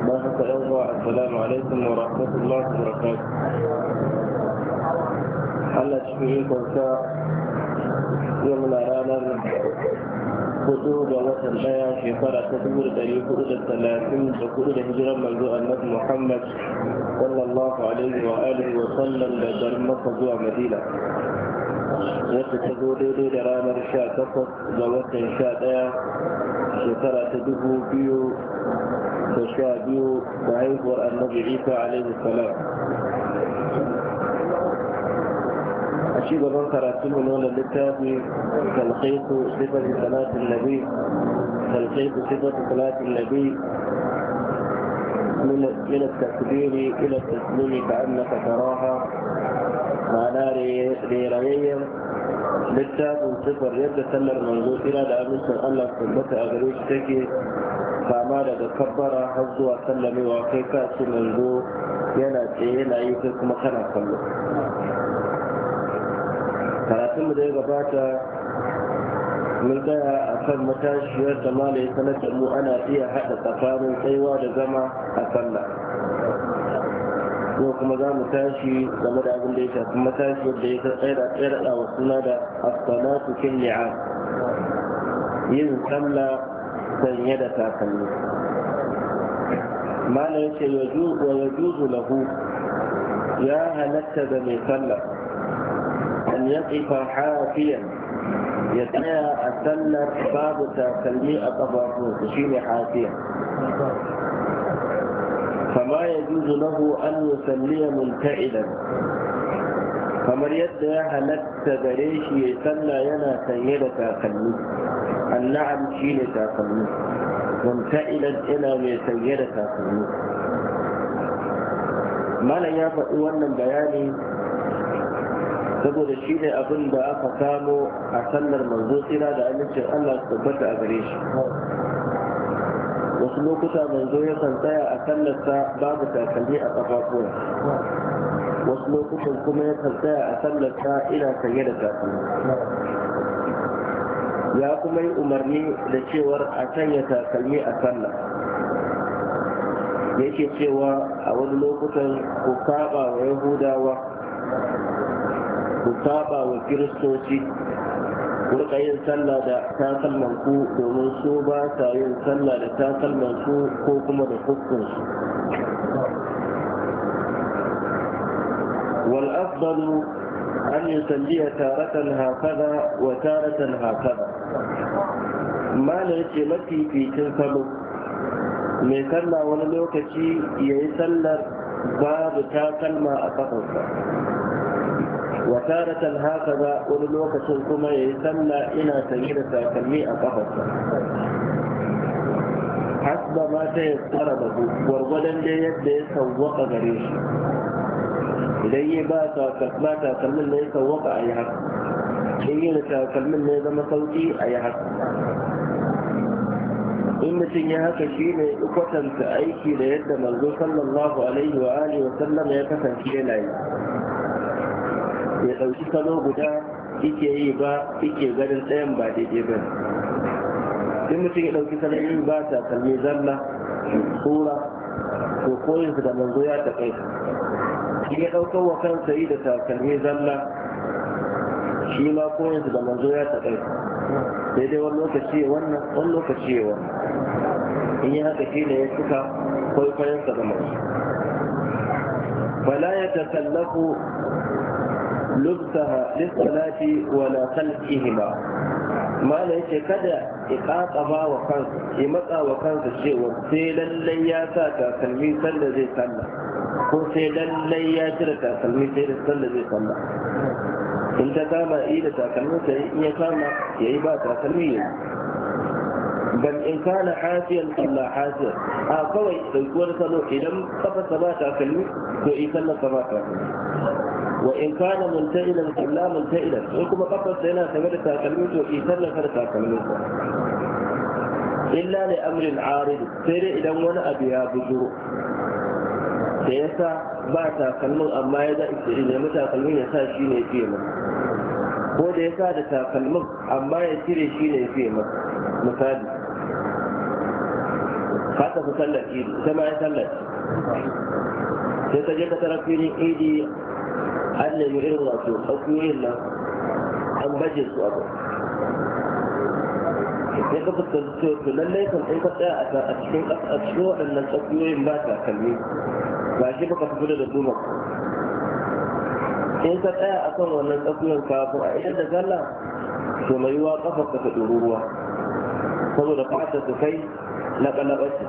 الله تعالى السلام عليكم ورحمة الله وبركاته هل تشفيه كنت يمنى رانا قدود وطن بيا في فرع تدور دليل قدود الثلاثين وقدود هجرة ملدوء النبي محمد صلى الله عليه وآله وسلم لدر مصدوع مدينة وقت تدور دليل رانا رشاة تفض وطن شاة دا في فرع تدور بيو تشابه ضعيف النبي عيسى عليه السلام أشيد أن أنت رأسل من أولى للتابع تلقيت صفة صلاة النبي تلقيت صفة صلاة النبي من من التكبير إلى التسليم كأنك تراها مع نار لرغية للتابع صفر يد من ذو إلى الأمس أن الصلاة أغريش تكي kama daga kabbara har zuwa sallamewa kai ka ce manzo yana tsaye yana yi kai kuma kana kallo karatunmu da ya gabata mun tsaya a kan matashiyar da malai sanatar mu ana iya haɗa tsakanin tsayuwa da zama a sallah yau kuma za mu tashi game da abin da ya shafi matashi da ya ta tsaye da tsaye da suna da asalatu kin li'a yin sallah sanye da takalmi mana yace wa yajuzu lahu ya halatta da mai sallah an yaqifa hafiyan ya tsaya a sallar babu takalmi a ƙafafunsa shine hafiyan فما يجوز له أن يصلي ملتئلا kamar yadda ya halatta gare shi ya salla yana sanye da takalmi النعم شيء لتاقل ممتئلا إلى ميسير تاقل ما لا يفعل أولا بياني تقول الشيء أقول بقى فتامو أسلنا المنظوطنا لأن الشيء الله تبدأ أبريش وصلوا كتا منظوية سنتايا أسلنا بعض تاقلية أتفاقون وصلوا كتا كمية سنتايا أسلنا إلى سيدة تاقل ya kuma yi umarni da cewar a sanya takalmi a sallah yake cewa a wani lokutan ku saba wa yahudawa ku saba wa kiristoci ku rika yin sallah da takalman ku domin su ba sa yin sallah da takalman su ko kuma da fuskun wal afdalu أن يصلي تارة هكذا وتارة هكذا ما نجي مكي في تنسلو mai sallah wani lokaci ya yi sallar babu takalma kalma a kafansa wa taratan haka ba wani lokacin kuma ya yi sallah ina sanye da takalmi a ƙafarsa. hasba ma ta yi tsara da gwargwadon dai yadda ya sauwaka gare shi idan yi ba ba takalmin na ya sauwaka a yi haka in yi da takalmin ne zama sauki a yi haka in mutum ya haka shi ne kwatanta aiki da yadda manzo sallallahu alaihi wa alihi wa sallam ya kasance yana yi ya ɗauki salo guda yake yi ba ike ganin ɗayan ba daidai ba in mutum ya ɗauki salon yi ba takalmi zalla sura to koyinsa da manzo ya taƙaita shi ya ɗaukar wa kansa yi da takalmi zalla shi ma ko yanzu da manzo ya taɓa sai dai wani lokaci ya wannan wani lokaci ya wannan in yi haka shi ne ya suka sa da manzo fala ya takallafu na lissalati wala ma mala yace kada ya ba wa kansa ya matsa wa kansa cewa sai lallai ya sa takalmi sallah zai sallah ko sai lallai ya cire takalmi sai da sallah zai sallah in ta kama yi da takalmi sai in ya kama ya yi ba takalmi ya bal in kana hasiyan sallah hasiyan a kawai daukuwar salo idan kafa ta ba takalmi to in sallah ta ba takalmi wa in kana munta'ilan sallah munta'ilan in kuma kafa yana tabe da takalmi to in sallah ta takalmi illa li amrin arid sai dai idan wani abu ya bujuro da ya sa ba takalmin amma ya da nemi takalmin ya sa shi ne fiye ma ko da ya sa da takalmin amma ya cire shi ne fiye ma misali ka tafi sallar ta ita ma ya sallar sai ka je ka tara filin idi an nemi irin wato tsakiyoyin nan an baje su a sai ka fuskanci to lallai kan in ka tsaya a cikin a cikin waɗannan tsakiyoyin ba takalmi, ba shi baka fito da duma in ka tsaya a kan wannan tsakiyoyin kafin a idan da zalla to mai yiwa kafar ka ta ɗoro ruwa saboda fatar su kai na kalabaci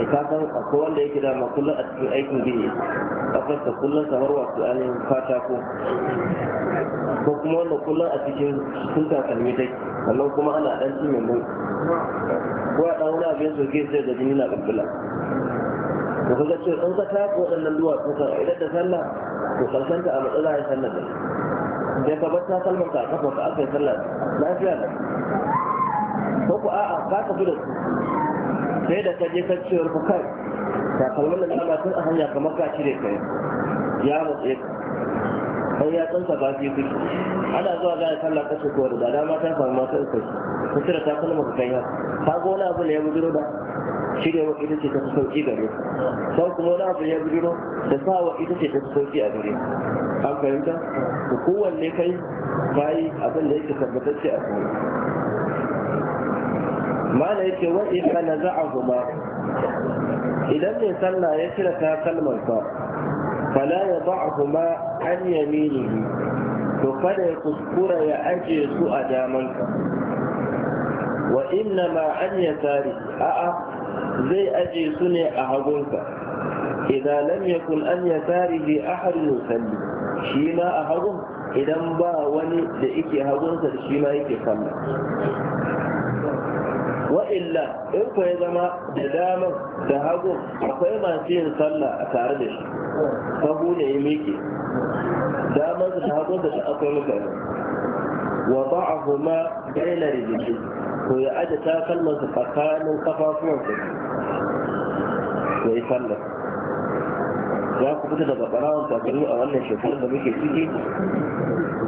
da kasan akwai wanda yake dama kullum a cikin aikin gini kafar ta kullum samar wasu ainihin fata ko ko kuma wanda kullum a cikin sun takalmi take sannan kuma ana ɗan mai mun ko ya ɗan wuna abin soke sai da jini na bulbula to kaga ce in ka taka waɗannan duwatsu ka idan da sallah to ta a matsala ya sallar da sai ka bar takalmar ka kafa ka aka yi sallar lafiya da ko ku a'a ka fi da su sai da ka je ka cewar ku kai kalmar da na tun a hanya kamar ka cire kai ya matsaye ka dan ya tsansa ba su yi kuki ana zuwa za a sallah kashe ko da dama ta samu mata uku ta cire ta kuma ka kai ka ga wani abu ne ya bujiro da shirya wa ita ce ta fi sauki gare sau kuma wani abu ya bujiro da sa wa ita ce ta fi sauki a gare an fahimta da kowanne kai bayi abin da yake tabbatacce a kuma mala yake wa ita na za'ahuma idan mai sallah ya cire ta kalmar fa fala ya ba'ahuma an yamini to kada ya kuskura ya aje su a damanka wa inna ma an ya tari a'a zai aje su ne a hagunka idan lam yakun an ya tari bi ahadin yusalli shi ma a hagun idan ba wani da yake hagunsa da shi ma yake sallah wa'illa in ku ya zama da daman da hagu akwai masu yin sallah a tare da shi hagu ne ya miƙe daman da hagu da shi akwai mutane wa ba'ahu ma baina rijiji to ya aje takalmansa tsakanin kafafuwansa ya yi sallah ya ku fita daga barawon takalmi a wannan shekarar da muke ciki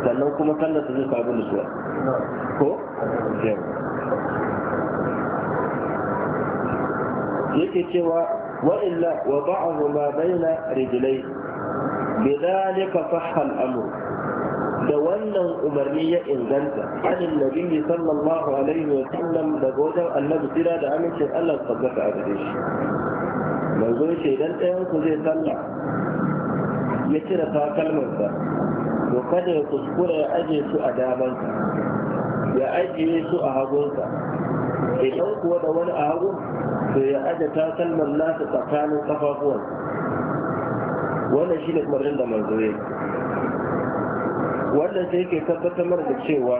sannan kuma sallar ta zai sabu nutsuwa ko? yake cewa wa illa wa ba'ahu ma baina rijlai bidalika sahha al-amr da wannan umarni ya inganta anin nabiyyi sallallahu alaihi wa sallam da wajen annabi tira da amincin Allah tabbata a gare shi manzo idan ɗayan ku zai sallah ya cire takalmarsa to kada ya kuskura ya aje su a damansa ya ajiye su a hagunsa idan kuwa da wani a hagun sai ya aje takalman nasa tsakanin kafafuwan wannan shi ne umarnin da manzo wannan sai ke tabbatar da cewa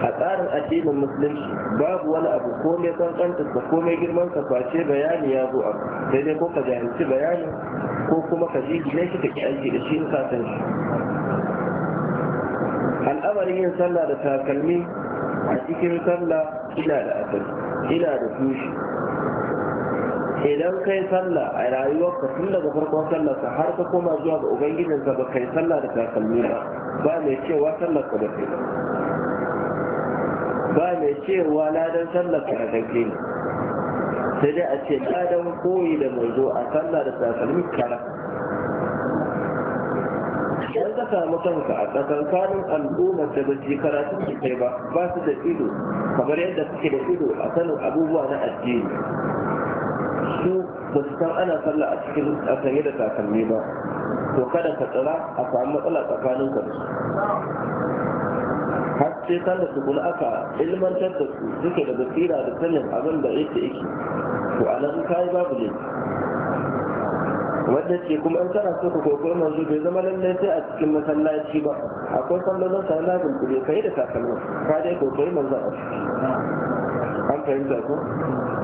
a tsarin addinin musulunci babu wani abu ko mai kankanta ko komai girman ka face bayani ya zo abu sai dai ko ka jahilci bayani ko kuma ka ji ne shi kake aiki da shi ka shi al'amarin yin sallah da takalmi a cikin sallah ina da asali ina da tushe idan kai sallah a rayuwar ka tun daga farkon sallar ka har ka koma zuwa ga ubangijin ka ba kai sallah da takalmi ba ba mai cewa sallar ka da kai ba mai cewa ladan sallar ka da kake ne sai dai a ce ladan koyi da mai zo a sallah da takalmi kara samu kanka a tsakankanin al'ummar da ba su karatu su kai ba ba su da ido kamar yadda suke da ido a sanin abubuwa na addini su ba su san ana sallah a cikin a sanye da takalmi ba to kada ka tsira a samu matsala tsakanin ka har sai sallar su tukuna aka ilmantar da su suke da basira da sanin abin da yake yake to a nan kayi babu ne wadda ce kuma in kana so ka koyi manzo bai zama lallai sai a cikin masallaci ba akwai sallolin sallabin ku bai kai da takalma ka dai koyi manzo a ciki an fahimta ko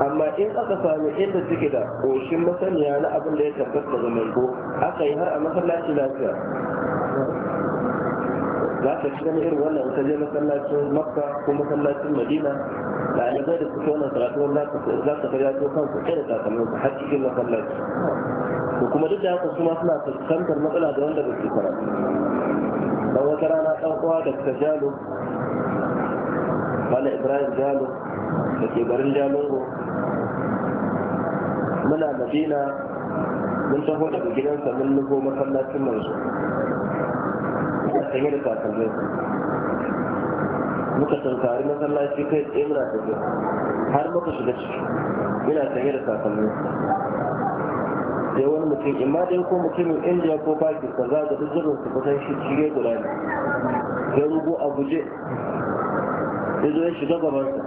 amma in aka samu inda suke da koshin masaniya na abin da ya tabbata da mai ko aka yi har a masallaci lafiya za ka shiga gani irin wannan ka je masallacin makka ko masallacin madina da alibai da suke wannan karatu za ka fara to kansu kai da takalmin har cikin masallaci ko kuma duk da haka kuma suna fuskantar matsala da wanda ba su karatu ba wata rana ɗan uwa da ta jalo wala ibrahim jalo da ke garin ba. muna madina mun taho daga gidansa mun nufo masallacin manzo a sanye da takalmai muka tankari masallaci kai tsaye muna tafiya har muka shiga ciki muna sanye da takalmai sai wani mutum imma dai ko mutumin indiya ko pakistan za ga duk su kusan shi cire guda ne ya rubo a guje ya zo ya shiga gabansa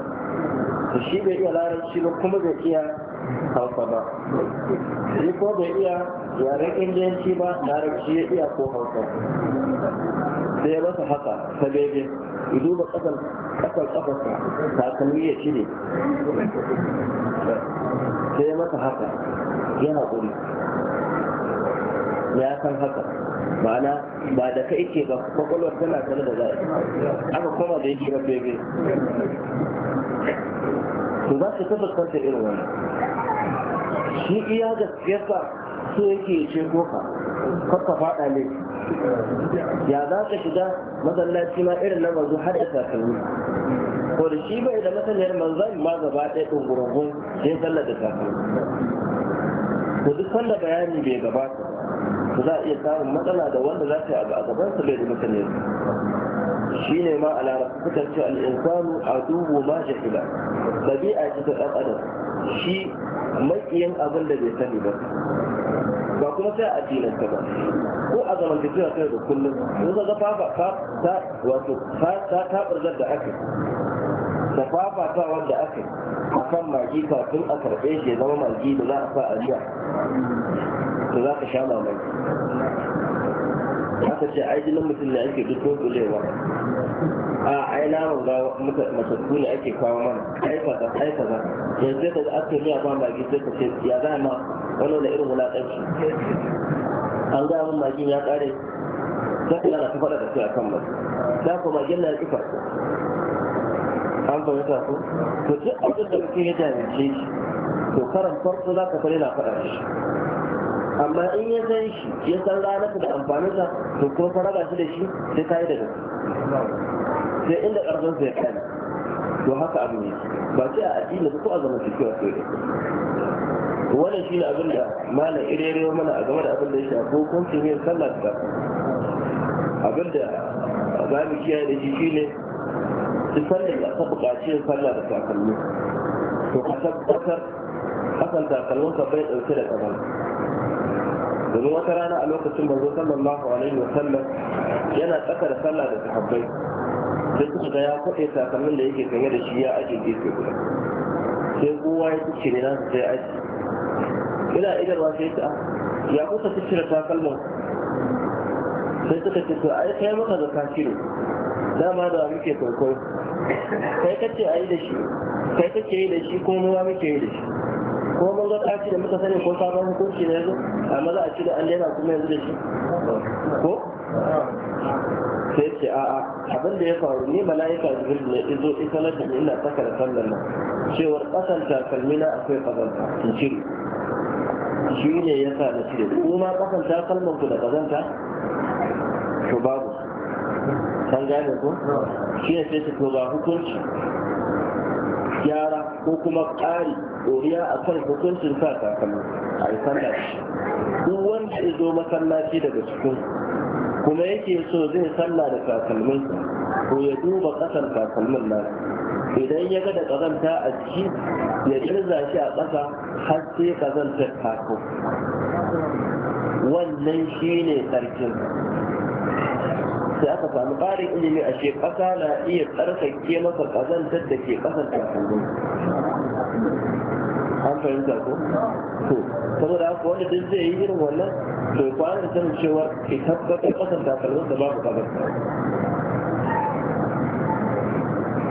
to shi bai iya larabci ba kuma bai iya hausa ba shi ko bai iya yaren indiyanci ba larabci ya iya ko hausa sai ya masa haka ta bebe ya duba kasar kafarsa takalmi ya cire sai ya masa haka ya haƙuri ya san haka ma'ana ba da kai ke ba kwakwalwar tana tare da za'a aka koma da yake rabe bai to za su tabbatar da irin wani shi iya siyasa so yake ce ko ka kakka faɗa ne ya za ka shiga masallaci ma irin na mazu har da takalmi ko da shi bai da masaniyar manzan ma gaba ɗaya ɗungurungun sai sallar da takalmi to duk wanda bayani bai gabata to za a iya samun matsala da wanda za ta yi a gabansa bai da mutane shi ne ma a larabta sukan ce al'insanu a dubu ma jahila ɗabi'a ce ta ɗan adam shi maƙiyin abin da bai sani ba ba kuma sai a dinanta ba ko a zamantakewa kai da kullum in ka ga fafa ta wato ta taɓargar da aka da fafata wanda aka yi a kan magi kafin a karɓe shi ya zama magi da za a sa a jiya to za ka sha mamaki aka ce ai jinin mutum ne ake duk tokulewa a ai naman gawa matattu ne ake kawo mana ai kaza ai kaza yanzu sai ka ga aka yi ba magi sai ka ce ya za ma wani da irin wulaƙanci an ga mun magin ya ƙare sai ka yana ta faɗa da kai a kan mai da kuma magin na ya ƙi an ba wata ko to duk abin da mutum ya jami'ce shi to karan farko za ka fara na faɗa shi amma in ya san shi ya san ranarsa da amfaninsa to ko ka shi da shi sai ka yi da gaske. sai inda ƙarfin sai ya kai to haka abu ne ba sai a addini ko a zaman cikin wasu wannan shi ne abin da malam irerewa mana a game da abin da ya shafi hukuncin yin sallah da abin da za mu kiyaye da shi shine duk sallar da ta buƙaci yin sallah da takalmi to a tabbatar asal takalmin bai ɗauke da kaban domin wata rana a lokacin manzo sallallahu alaihi wa sallam yana tsaka da sallah da sahabbai sai suka ga ya kwaɗe takalmin da yake sanye da shi ya ajiye gefe guda sai kowa ya tuce ne nasu sai aji ina idan ba sai ta ya kusa tuce da takalmin sai suka ce to ai kai maka zaka kiro dama da muke kwaikwayo kai kace a yi da shi kai kake yi da shi ko muwa muke yi da shi ko mun ga ɗaci da muka sani ko sabon hukunci ne yanzu amma za a ci da an daina kuma yanzu da shi ko sai ce a'a abin da ya faru ni mala'ika jibril ne izo ita na da ina saka da sallan nan cewar kasan takalmi na akwai kazanta in cire shi ne ya sa na cire kuma kasan takalman da kazanta to babu an gane ko shi ne sai to ga hukunci gyara ko kuma ƙari ɗoriya a kan hukuncin sa takalmi a yi sallah shi duk wanda ya zo masallaci daga cikin kuma yake so zai sallah da takalminsa ko ya duba ƙasar takalmin nan idan ya ga da ƙazanta a ciki ya ƙirza shi a ƙasa har sai ƙazantar tako wannan shi ne ƙarfin. da aka samu ƙarin ilimi a ce ƙasa na iya tsarkake masa ƙazantar da ke ƙasar kakanni an fahimta ko to saboda haka wanda duk zai yi irin wannan to kwana da sanin cewa ke tabbatar ƙasar kakannin da babu ƙazar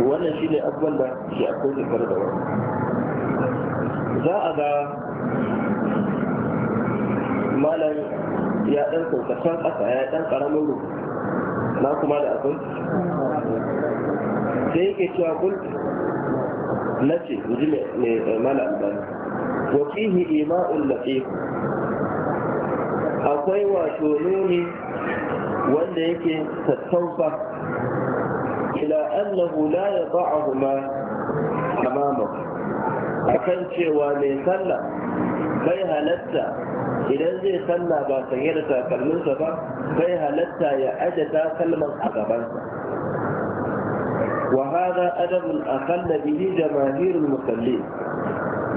wannan shi ne abubuwan da ke akwai tattare da wani za a ga malam ya ɗan kaukacin ƙasa ya ɗan ƙaramin rubutu na kuma da abin sai yake cewa kul na ce ji mai eh, mala albani wa fihi ima'un latif akwai wato nuni wanda yake tattaufa ila annahu la yada'uhuma amamahu akan cewa mai sallah bai halatta idan zai sanna ba sanye da takalminsa ba bai halatta ya ajata takalman a gabansa wa hada adabun akalla bihi jamahirul musallin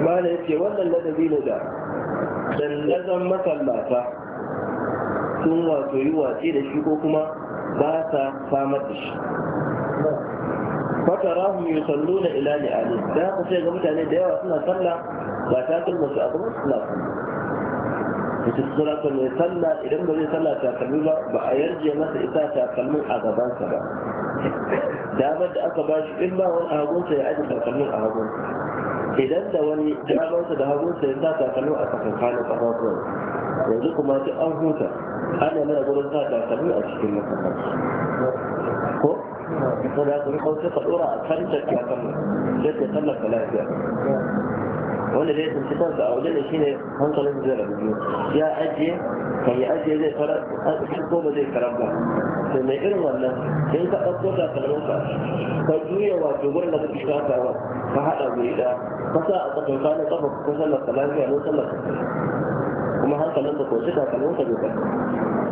ba da yake wannan ladabi ne da dandazon masallata sun wato yi da shi ko kuma ba sa samar da shi fatarahum yusalluna ila li'ali da haka sai mutane da yawa suna sallah ba takalmansu suna وتسرى كل يصلى إذا ما يصلى تاكلمه بأيرجع مثل إذا تاكلمه أجبان سبا damar da aka bashi in ba wani hagunsa ya aji takalmin a hagunsa idan da wani damarsa da hagunsa ya sa takalmin a tsakankanin ƙafafuwan yanzu kuma duk an huta ana mana gurin sa takalmin a cikin masallaci ko ko da kuma kawai ka dora a kan takalmin sai ka sallaka lafiya wanda zai tsinci kansa a wajen da shine ne hankalin zai rabu biyu ya ajiye kan ya ajiye zai fara ko ba zai karar ba to mai irin wannan in ka ɗauko da kalmarka ka juya wato gurin da kake shakawa ka haɗa guri ɗaya ka sa a tsakankanin kafa ko sallar ka lafiya ko sallar ka kuma hankalin ka ko cika kalmarka bai kafa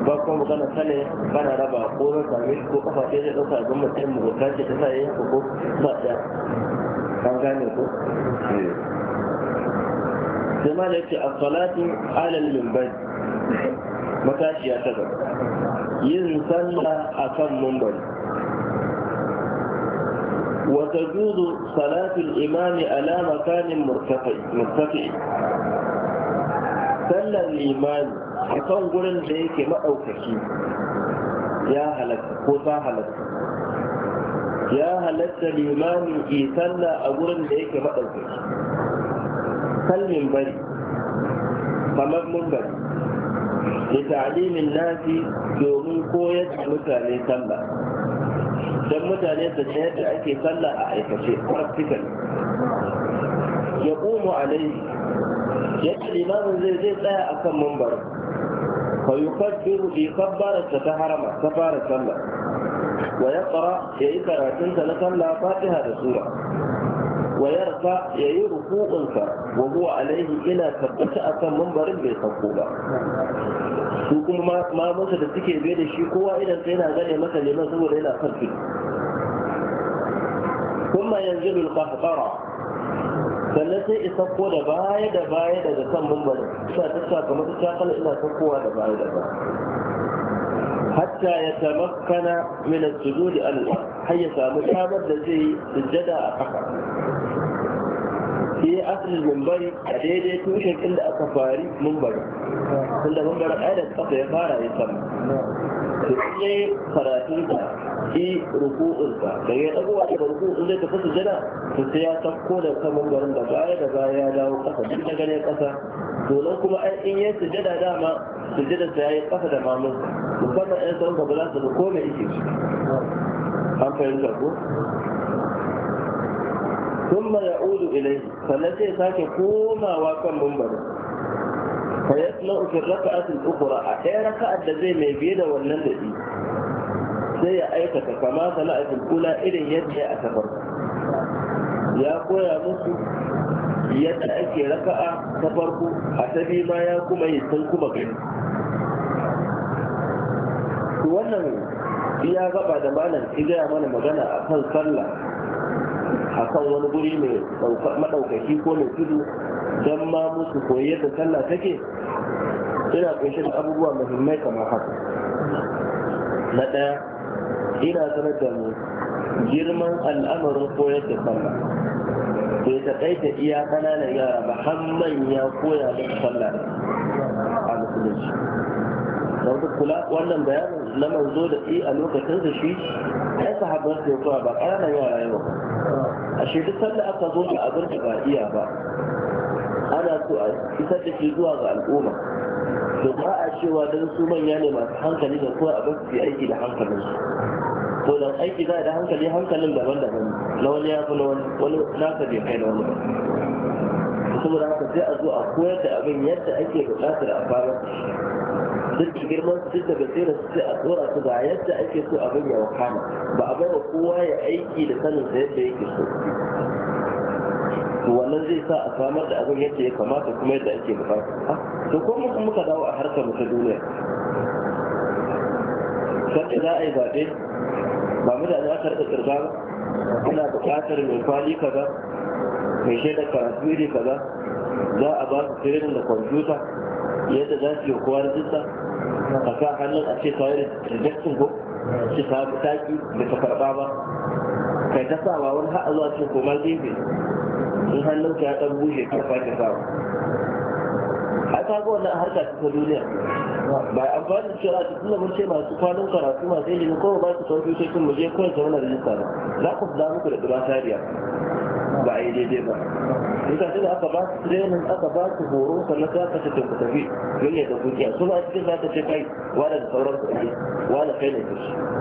ba kuma magana ta ne bana raba ko na sami ko kafa ɗaya zai ɗauka a gwamnati ɗin mugunta ce ta sa ya yanka ko ba ɗaya an gane ko eh. sai ma da yake a salatu ala al-minbar matashiya ta gaba yin sallah akan minbar wa tajuzu salatu al-imam ala makanin murtafi sallar limani akan gurin da yake madaukaki ya halatta ko ta halatta ya halatta limani yi sallah a gurin da yake madaukaki kalmin bari kamar mun bari da ta'alimin nasi domin koyar da mutane sallah don mutane da ta yadda ake sallah a aikace practical ya ƙumu alai yadda limamin zai zai tsaya a kan mambar fa yukaddiru bi kabbarata ta harama ta fara sallah wa ya ya yi karatunta na sallah fatiha da sura wayarka ya yi ruku'unka wa huwa alaihi ina tabbata akan mambarin bai sauko ba su kuma mamansa da suke biye da shi kowa idan sai yana gane maka neman saboda yana son su kuma yanzu bil qahqara sannan sai isa ko da baya da baya daga kan mambarin sa ta sa kamar ta kala ina saukowa da baya da baya hatta ya tamakkana min as-sujudi al har ya samu damar da zai sujjada a kafa yi asalin gumbari a daidai tushen inda aka fari mumbari tunda mumbarin ayyar kafa ya fara ya sama to in yayi karatunsa i ruku'unsa da ya dagowa daga ruku'un zai tafi jana to sai ya sauko da kan mumbarin da baya da baya ya dawo kasa duk da gane kasa domin kuma ai in su jada dama sujada sa yayi kasa da mamun musamman ɗan sauran ba za su ko me yake an fahimta ko sun ma ya ulu ilai sanace sake komawa kan mumbari fa ya tsina asin ukura a ɗaya raka da zai mai biye da wannan da sai ya aikata kama sana a filkula irin yadda ya a ya koya musu yadda ake raka a ta a ta bi ma ya kuma yi sun kuma gani wannan ya gaba da malar ya mana magana a kan sallah akan wani guri mai maɗaukaki ko mai tudu don ma musu koyi yadda sallah take ina kunshe da abubuwa muhimmai kamar haka na ɗaya ina sanar da mu girman al'amarin koyar da sallah bai ta iya ƙananan yara ba har manya koya da sallah a musulunci don kula wannan bayanin na manzo da ɗi a lokacin da shi ya sahabar da ya ba ƙananan yara yau a shi duk sanda aka zo da abin da ba iya ba ana so a isar da shi zuwa ga al'umma to ba a cewa don su manya ne masu hankali da kuma abin su aiki da hankalinsu ko dan aiki za da hankali hankalin daban-daban na wani ya fi na wani wani nasa bai kai na wani ba saboda haka sai a zo a koyar da abin yadda ake bukatar a fara duk da girman su duk da basirar su a tsora su ga yadda ake so abin ya wakana ba a bawa kowa ya aiki da sanin sa yadda yake so to wannan zai sa a samar da abin yadda ya kamata kuma yadda ake bukata ah, to ko mun muka dawo a harkar ta duniya sai za a yi zaɓe ba mu da za ka rika ba ana buƙatar mai kwali kaza mai shaidar karatu iri kaza za a ba su training da kwamfuta yadda za su yi kowa rajista ka sa hannun a ce kawai rejection ko shi ka bi taki da ka karba ba kai ta sawa wani har zuwa ce koma gefe in hannun ya ɗan bushe ka sake sawa a ka ga wannan harka ta duniya ba a amfani da cewa a tunda mun ce masu kwanan karatu masu ilimi ko ba su kwamfutocin mu je kawai zaune da rijista ba za ku fi damu ku da ɗura tariya ba a yi daidai ba in ka da aka ba su training aka ba su horo sannan za ka tafi ku tafi don ya tafi kiya su ba cikin za ta ce kai wala da sauran su ne wani kai ne ta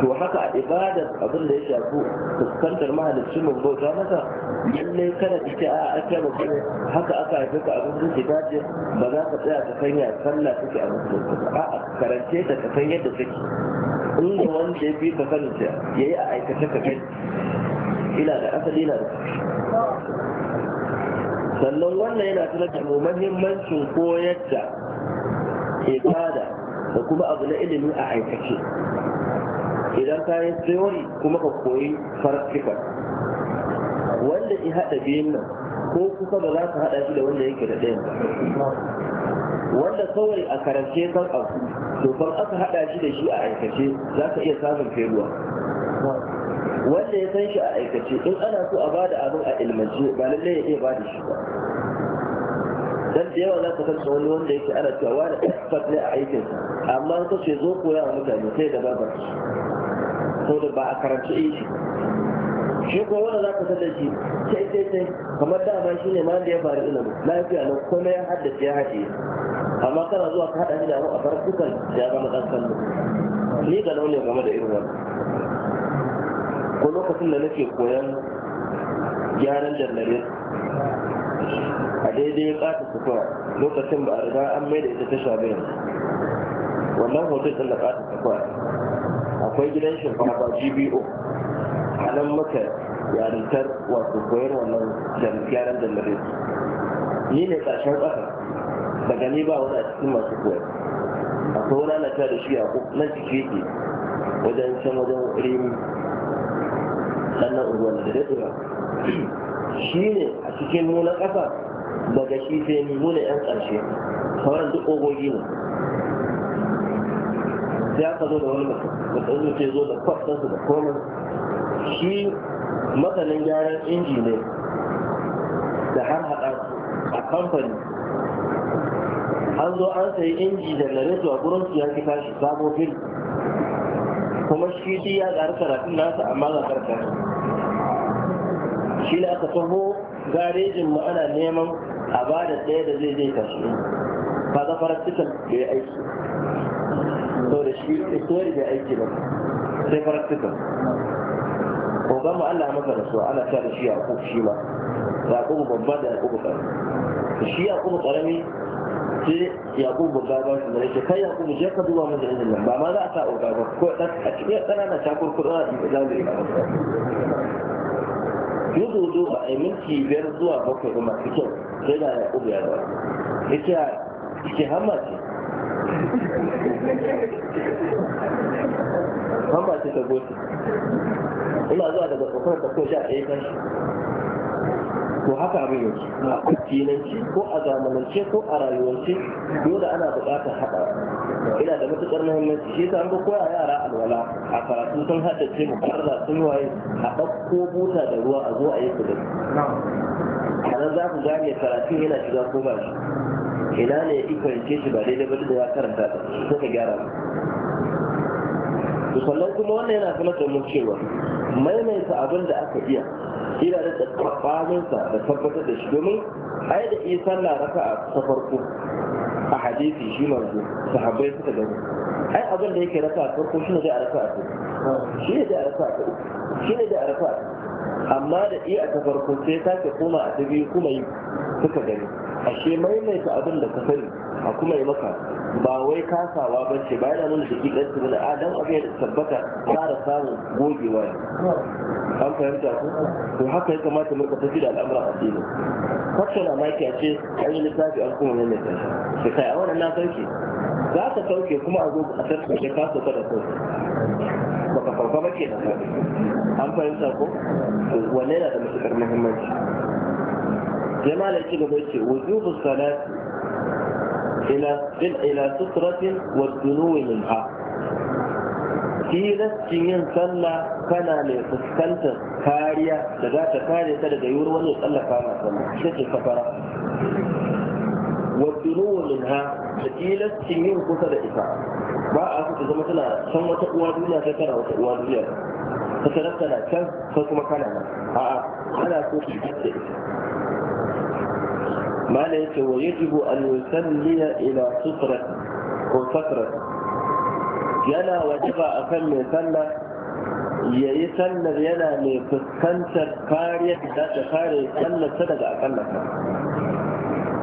to haka a ibadar abin da ya shafi fuskantar mahalicci mu bauta masa lallai kada ki ce a ake mutum haka aka haife ka abin da ke dace ba za ka tsaya ka sanya sallah take a mutum ba a karance ta ka san yadda take inda wanda ya fi ka sanin ta yayi a aikace ka kai ina da asali na da sannan wannan yana tunar da muhimmancin koyar da ibada da kuma abu na ilimi a aikace idan ka yi theory kuma ka koyi practical wanda in haɗa biyun nan ko kuka ba za ka haɗa shi da wanda yake da ɗayan ba wanda kawai a karance kan abu to aka haɗa shi da shi a aikace za ka iya samun feluwa wanda ya san shi a aikace in ana so a bada abin a ilmance ba lallai ya iya bada shi ba dan da yawa za ka kasa wani wanda yake ana cewa wani expert ne a aikin amma ka ce zo koya wa mutane sai da babar ko da ba a karanci ishi shi ko wanda za ka sanar shi sai sai sai kamar dama shi ne ma da ya faru ilimi lafiya na kuma ya haddace ya haɗe amma kana zuwa ka haɗa shi da a farkukan ya zama ɗan kallo ni ga launin game da irin wannan Ko lokacin da nake koyan gyaran jannare a daidai ya kata sufuwa lokacin ba a riga an mai da ita ta sha bayan wannan hotel din da kata sufuwa akwai gidan shinkafa gbo a nan maka yarintar wasu koyar wannan gyaran jannare ni ne ƙarshen ƙasa daga ni ba wani a cikin masu koyar akwai wani ana ta da shi a nan ciki yake wajen can wajen rimi waɗannan unguwanni da dai tsira shi ne a cikin mu na ƙasa daga shi sai ni mu ne 'yan ƙarshe sauran duk ogogi ne sai aka zo da wani mutum mutum zo da kwaɗansu da komai shi masanin gyaran inji ne da har haɗa a kamfani an zo an sayi inji da nareto a gurin su ya fi tashi sabo fil kuma shi ya ƙara karatun nasa amma ga karkar shi ne aka taho garejin mu ana neman a ba da ɗaya da zai zai tashi ba ga farasitan da ya aiki to da shi isori da aiki ba sai farasitan ko ga mu Allah maka da su ana ta da shi a ko shi ma ya kuma babba da ya ko karami shi ya ko karami sai yaƙubu babba ba su zai ce kai yaƙubu je ka duba masa izinin ba ma za a sa oga ba ko a cikin ƙananan shakur kuɗa da zamu yi yi dodo ba a yi minti biyar zuwa bakwai ba masu kyau sai da ya ƙubu ya ba ya ce ke hamma ce hamma ce ta goce ina zuwa daga ƙofar ta ko sha ɗaya kan shi to haka abin yake a kudinanci ko a zamanance ko a rayuwance dole ana buƙatar haɗa ina da matuƙar muhimmanci shi yasa an ga koya yara alwala a karatu sun haddace mu karza sun waye a ɗauko buta da ruwa a zo a yi su da a nan za ku gane karatun yana shiga ko ba shi ina ne ya ikwance shi ba daidai ba da ya karanta ta ko ka gyara ba? sannan kuma wannan yana sanar da mu cewa maimaita abin da aka iya ina da sa da tabbatar da shi domin ai da na sallah a ta farko a hadisi shi manzo sahabbai suka gani ai abin da yake raka'a farko shi ne da raka'a ta shi ne da raka'a ta shi ne da raka'a amma da iya a ta sai ta ke koma a ta biyu kuma yi suka gani ashe maimaita abin da ka sani a kuma yi maka ba wai kasawa ba ce ba yana nuna jiki ɗan tsibirin a dan abin da tabbata fara samun gogewa ne an fahimta ku to haka ya kamata mu tafi da al'amura a cikin kwatsa na maki a ce an yi lissafi an kuma maimaita shi kai a wannan na sauke za ka sauke kuma a zo a tattace ka sauka da sauke papá me quiere hacer. Han parado saco. ¿Cuál era la mesa para mi mamá? كما لا يجب أن يكون وجوب الصلاة إلى, إلى سطرة والدنو منها في نفس من صلى فلا لفسكنت فارية لذا تفارية لديور ولي صلى فارية صلى شكي فارية والدنو منها ثقيلة سمين كنت لإفاء ما أعطيك إذا مثلا سمى تقوى دولا فترى وتقوى دولا فترتنا كم كان فوق مكاننا ها على كوك الجد ما ليس ويجب أن يسلي إلى سطرة وسطرة يلا وجب أكمل سلة yayi sallar yana mai fuskantar kariya da ta kare sallar ta daga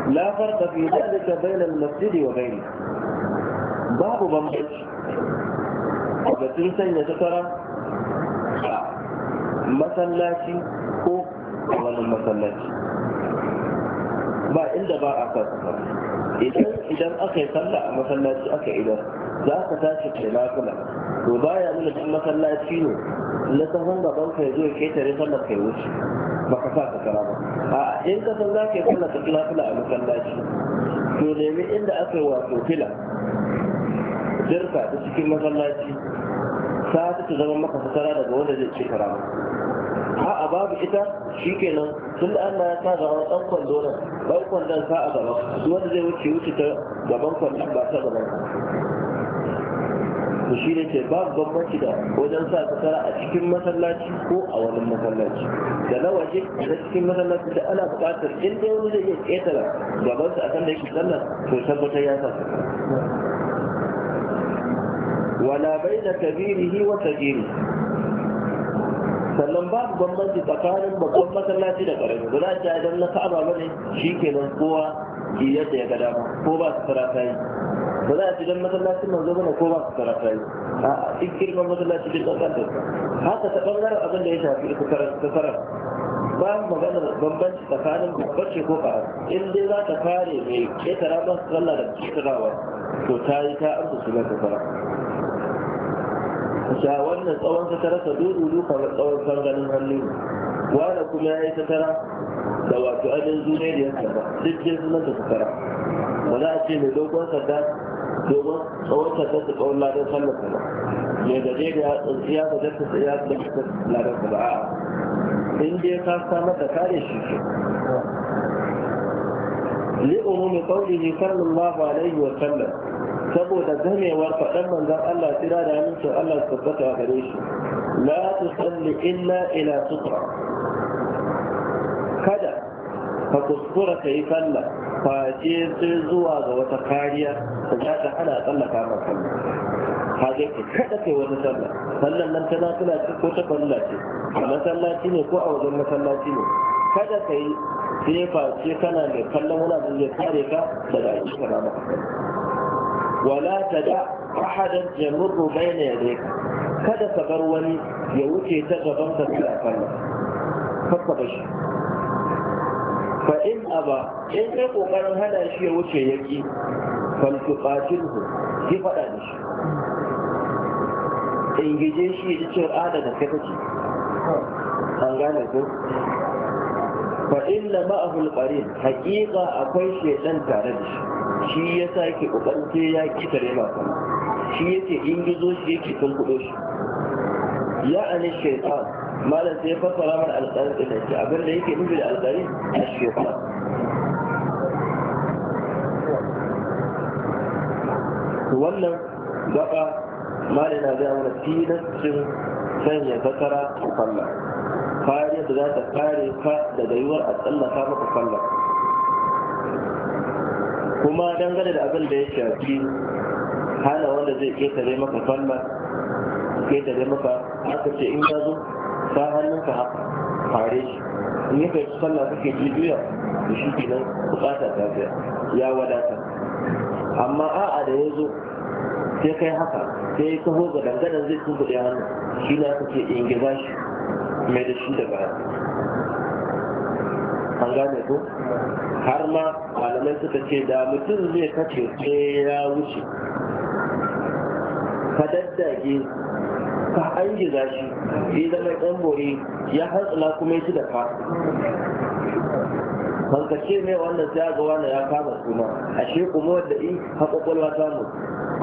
la farqa fi dhalika bayna al-masjid wa ghayri babu bambanci ga sun sanya sutura a masallaci ko wani masallaci ba inda ba a kan idan idan sallah a masallaci aka idan za ka tashi kai nafila to baya nuna masallaci ne na sahun gaban ya zo ya ketare sallar kai wuce baka sa takara ba a in ka san za ka yi ta fila a masallaci to nemi inda aka yi wato fila dirka ta cikin masallaci sa ta zama maka sakara daga wanda zai ce kara a'a babu ita shikenan tun da Allah ya sa gaban ɗan kwando nan ɗan kwandon sa a gaba wanda zai wuce wuce ta gaban kwandon ba ta gaban to shi ne ke babu bambanci da wajen sa tara a cikin masallaci ko a wani masallaci da na waje da cikin masallaci da ana buƙatar in dai wani zai iya ƙetara gabansa a kan da yake sallar to tabbatar ya sa wala bai da kabirihi wa sagiri sannan babu bambanci tsakanin babban masallaci da ƙarami guda ta idan na ka'aba bane kenan kowa yadda ya ga dama ko ba su fara kayan ba za a ci don masallacin manzo bane ko ba su karata yi a duk girman masallacin duk ɗanɗan haka ta ɓangaren abin da ya shafi ita karar ba maganar bambanci tsakanin babbace ko ƙarar in dai za ta fare mai ƙetara ba su sallah da ƙetarawa to ta yi ta amsa sunan ta fara sha wannan tsawon ta tara ta dudu kamar tsawon sanganin hannu wanda kuma ya yi ta tara da wato ainihin zunai da ya karba duk jin sunan ta tara ba za a ce mai dogon sanda domin tsawon tattar da tsawon ladan sallar sa ba mai gaje da ya gaje ta ya gaje ladan sa ba a in dai ka samar da kare shi ke li'umumi qawlihi sallallahu alaihi wa sallam saboda ganewar faɗan manzon Allah tira da hannun Allah su tabbata a gare shi la tusalli illa ila sutra kada ka kuskura ka yi sallah face sai zuwa ga wata kariya da za ta hana tsallaka maka kaje ka kada kai wani sallah sallan nan tana tana ce ko ta falla ce a masallaci ne ko a wajen masallaci ne kada ka yi sai face kana mai kallon wani abin zai kare ka daga aiki ka maka wala ta da ahadan jamurru bayna yadayka kada ka bar wani ya wuce ta gaban ka kana kallon kakka bashi fa in aba in kai kokarin hana shi ya wuce yaki faltuqatilhu ki faɗa da shi in gije shi ya ji ada da kai kace an gane ko fa la ma'ahu qarin haqiqa akwai shaytan tare da shi shi yasa yake kokarin sai ya tare maka shi yake in gizo shi yake tunkudo shi ya ani shaitan malam sai fassara mana alƙarin da shi, abin da yake nufi da alƙarin a shaitan wannan gaba malam na gaya mana tilastin sanya zakara a falla kariya da za ta kare ka daga yiwuwar a tsallaka maka falla kuma dangane da abin da ya shafi hana wanda zai ƙetare maka falla maka yadda zai maka aka ce in ya zo sa hannunka haka fare shi in ya kai sallah kake ji jujuya da shi ke kenan bukata ta biya ya wadata amma a'a da ya zo sai kai haka sai ka hoga dangadan zai tun kuɗi hannu shi na ka ce in gaba shi mai da shi da baya an gane ko har ma malamai suka ce da mutum zai kace sai ya wuce ka daddage ka angiza shi ya zama ɗan bore ya hantsula kuma ya ci da ka hankace mai wannan sai ga wani ya kama suna ashe kuma wanda in haƙwaƙwalwa ta mu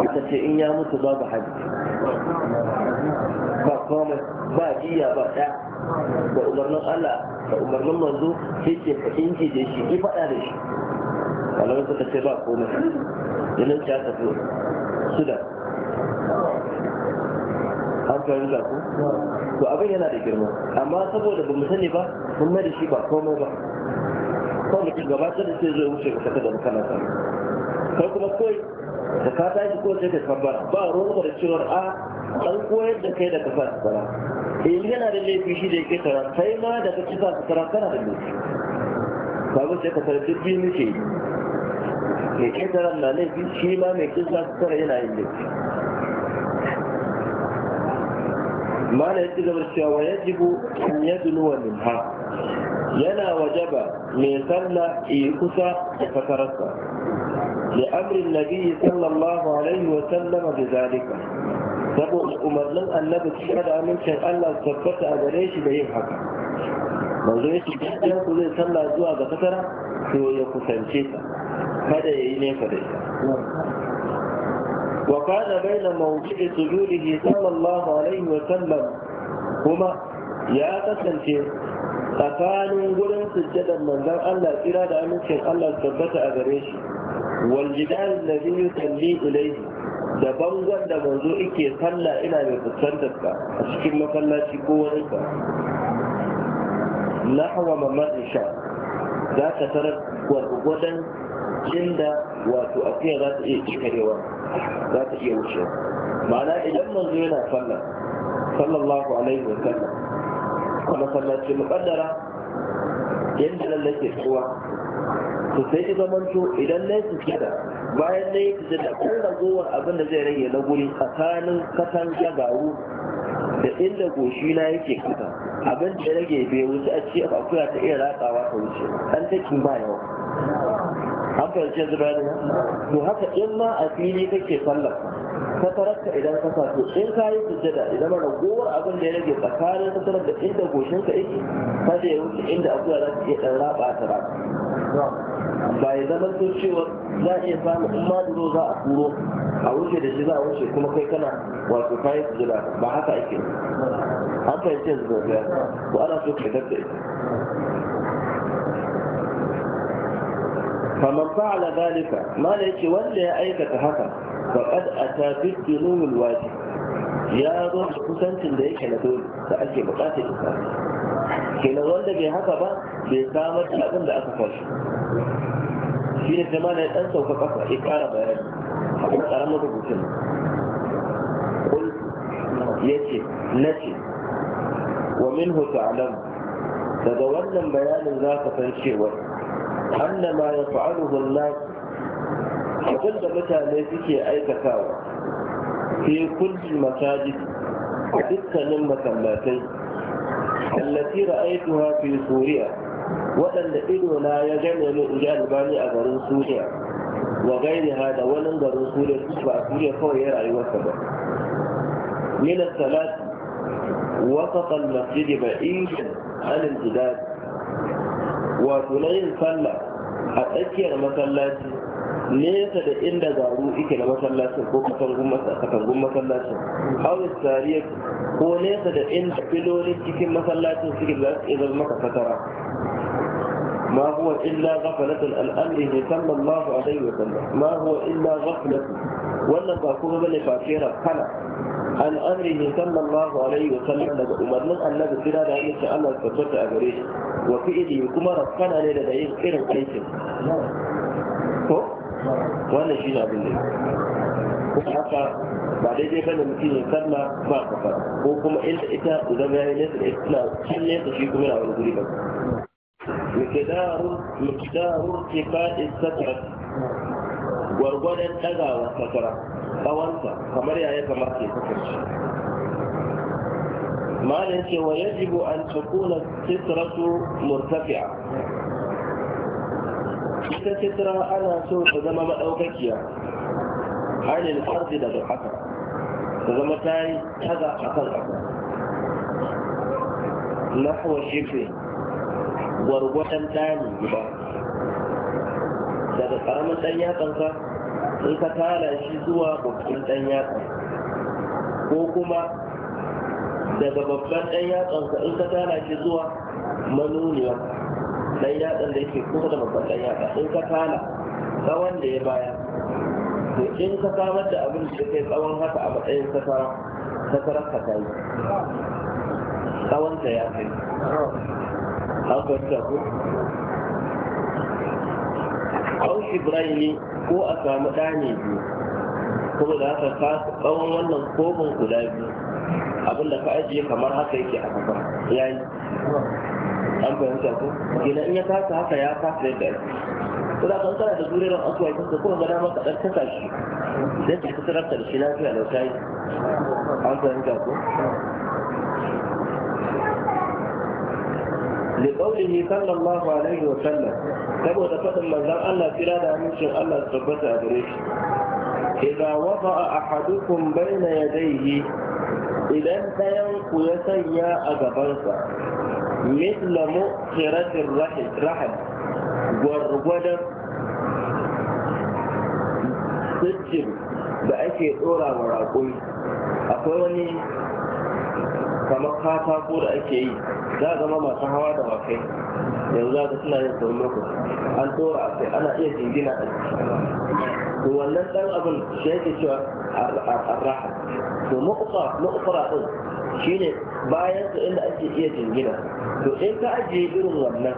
aka ce in ya mutu babu hajji ba komai ba jiya ba ɗaya da umarnin Allah da umarnin manzo shi ke fa'in da shi ki faɗa da shi malamai suka ce ba komai yanin ya tafi da. an fahimta ko to abin yana da girma amma saboda ba mu sani ba mun mai da shi ba komo ba kawai mutum gaba da sai zo wuce ka saka da kana sa kai kuma koi da ka tashi ko sai ka kambara ba ruwan da cewar a an koyar da kai daga ka sa tsara eh, in yana da laifi shi da yake tsara kai ma daga ka ci sa tsara kana da laifi kaga sai ka tsara duk biyu muke yi mai tara na laifi shi ma mai ƙin sa tsara yana yin laifi amma da yake zama cewa wa yajibu in ya dunuwa minha yana wajaba mai salla ya kusa da fatararsa da amrin nabi sallallahu alaihi wa sallama da zalika saboda umarnin annabi su kada amincin allah su tabbata a gare shi da yin haka manzo ya ce ɗan ku zai salla zuwa ga fatara sai ya kusance ta kada ya yi nefa da وكان بين موضع سجوده صلى الله عليه وسلم هما يا kasance tsakanin gurin sujjadar manzon Allah kira da amincin Allah tabbata a gare shi wal jidal ladhi yusalli ilayhi da bangon da manzo yake sallah ina mai fuskantar ka a cikin masallaci ko wani ka nahwa mamman za ka tarar gwargwadon inda wato a za ta iya cikarewa za ta iya wuce ma'ana idan manzo yana sallah sallallahu alaihi wa sallam kuma sallaci muƙaddara yadda lalle ke tsuwa to sai ki to idan na yi da. bayan na yi da kan ragowar abin da zai rage na guri tsakanin kasan garu da inda goshi na yake kusa abin da ya rage bai wuce a ce akwai ta iya ratsawa ta wuce an take ba yawa an fahimci yanzu ne. to haka in ma a fili kake sallar ka tarasta idan ka sato in ka yi sujjada idan ma ragowar abin da ya rage tsakanin sasarar da inda goshin ka yake kada ya wuce inda akuya za ta iya dan raba ta raba ba ya zama to cewa za a iya samu in ma duro za a turo a wuce da shi za a wuce kuma kai kana wato ka kayan sujjada ba haka ake an fahimci yanzu bayani ko ana so ka dadda ita faman fa'ala zalika mala yace wanda ya aikata haka faqad ata bi dunul wajib ya zo da kusancin da yake na dole da ake bukatar isa kenan wanda bai haka ba bai samar da abin da aka fashi shi ne zama dan sauka kafa ya kara bayani a kuma karamar rubutun ya ce na ce wa min hutu alam daga wannan bayanin za ka san cewar anna ma ya an-nas abin da mutane suke aikatawa fi kulli masajid a dukkanin masallatai allati ra'aytuha fi suriya waɗanda ido na ya gane min in ji albani a garin suriya wa gairiha da wani garin suriya ba suriya kawai ya rayuwarsa ba min as-salat وسط ba, بعيدا عن الجداد wato na yin sallah a tsakiyar masallaci nesa da inda garu ike na masallacin ko katangun masallacin haulis tariya ko nesa da inda filolin cikin masallacin suke za su maka fatara ما هو إلا غفلة الأمر صلى الله عليه وسلم ما هو إلا غفلة ولا باكوه بل فاكيرا خلا عن أمره صلى الله عليه وسلم لما أمرنا أن نبتلا لأن شاء a gare shi. wa fi'ili kuma rakkana ne daga yin irin aikin ko wannan shi ne abin da kuma haka ba daidai bane mutum ya kalla ba kafa ko kuma inda ita idan ya nesa da ita can nesa shi kuma na wani guri ba mikidarun faɗin sakara gwargwadon ɗagawa sakara tsawonsa kamar yaya kamar ke sakar ما ننسي ويجب أن تكون السترة murtafiya. ita sitra ana so ta zama maɗaukakiya hanyar farji daga ƙasa ta zama ta yi taga a kan ƙasa na kuma shefe gwargwadon tani ba daga ƙaramin ɗan yatsanka in ka tara shi zuwa babban ɗan yatsa ko kuma daga babban ɗan yatsanka in ka tana shi zuwa manuniya ɗan yatsan da yake kusa da babban ɗan yatsa in ka tana tsawon da ya baya to in ka samar da abin da kai tsawon haka a matsayin satara satarar ka ta yi tsawon ta ya kai an fahimta ko au ibrahim ko a samu ɗani biyu kuma da haka tsawon wannan kofin guda biyu abin da ka ajiye kamar haka yake a kafa ya yi an fahimta ko gina in ya haka ya kasa yadda ake ko da kankara kana da zuriyar asuwa kin ka kuma gana maka dan kasa shi dan ka tsara ta shi lafiya da kai an fahimta ko لقوله صلى الله عليه وسلم كما تفضل من ذا الله في هذا منشن الله سبحانه وتعالى إذا وضع أحدكم بين يديه idan ɗayan ku ya sanya a gabansa misla mu'tiratin rahal gwargwadon sittin da ake ɗora wa raƙumi akwai wani kamar katako da ake yi za a zama masu hawa da wakai yanzu za ka suna yin sauran lokaci an ɗora a kai ana iya jingina a ciki to wannan ɗan abin shi yake cewa a rahal to mukfa mukfara din shine bayan su inda ake iya jingina to in ka ajiye irin wannan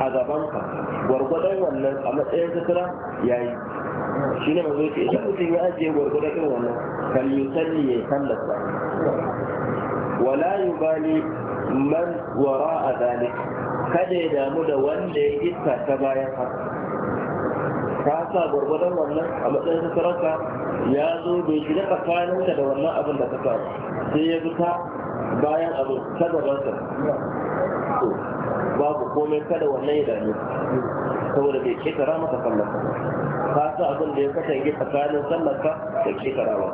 a gaban ka, gwargwadon wannan a matsayin sutura yayi shine ne mazo ce idan mutum ya ajiye gwargwadon irin wannan kan yi sanni ya sallar sa wala yubali man wara a zalik kada ya damu da wanda ya gista ta bayan haka ka sa gwargwadon wannan a matsayin sassararka ya zo bai shiga tsakaninka da wannan abin da ka sa sai ya bi bayan abu ta gabansa babu komai kada wannan ya dame saboda bai kara maka sallar ka sa abin da ya kasance tsakanin sallar ka da kara ba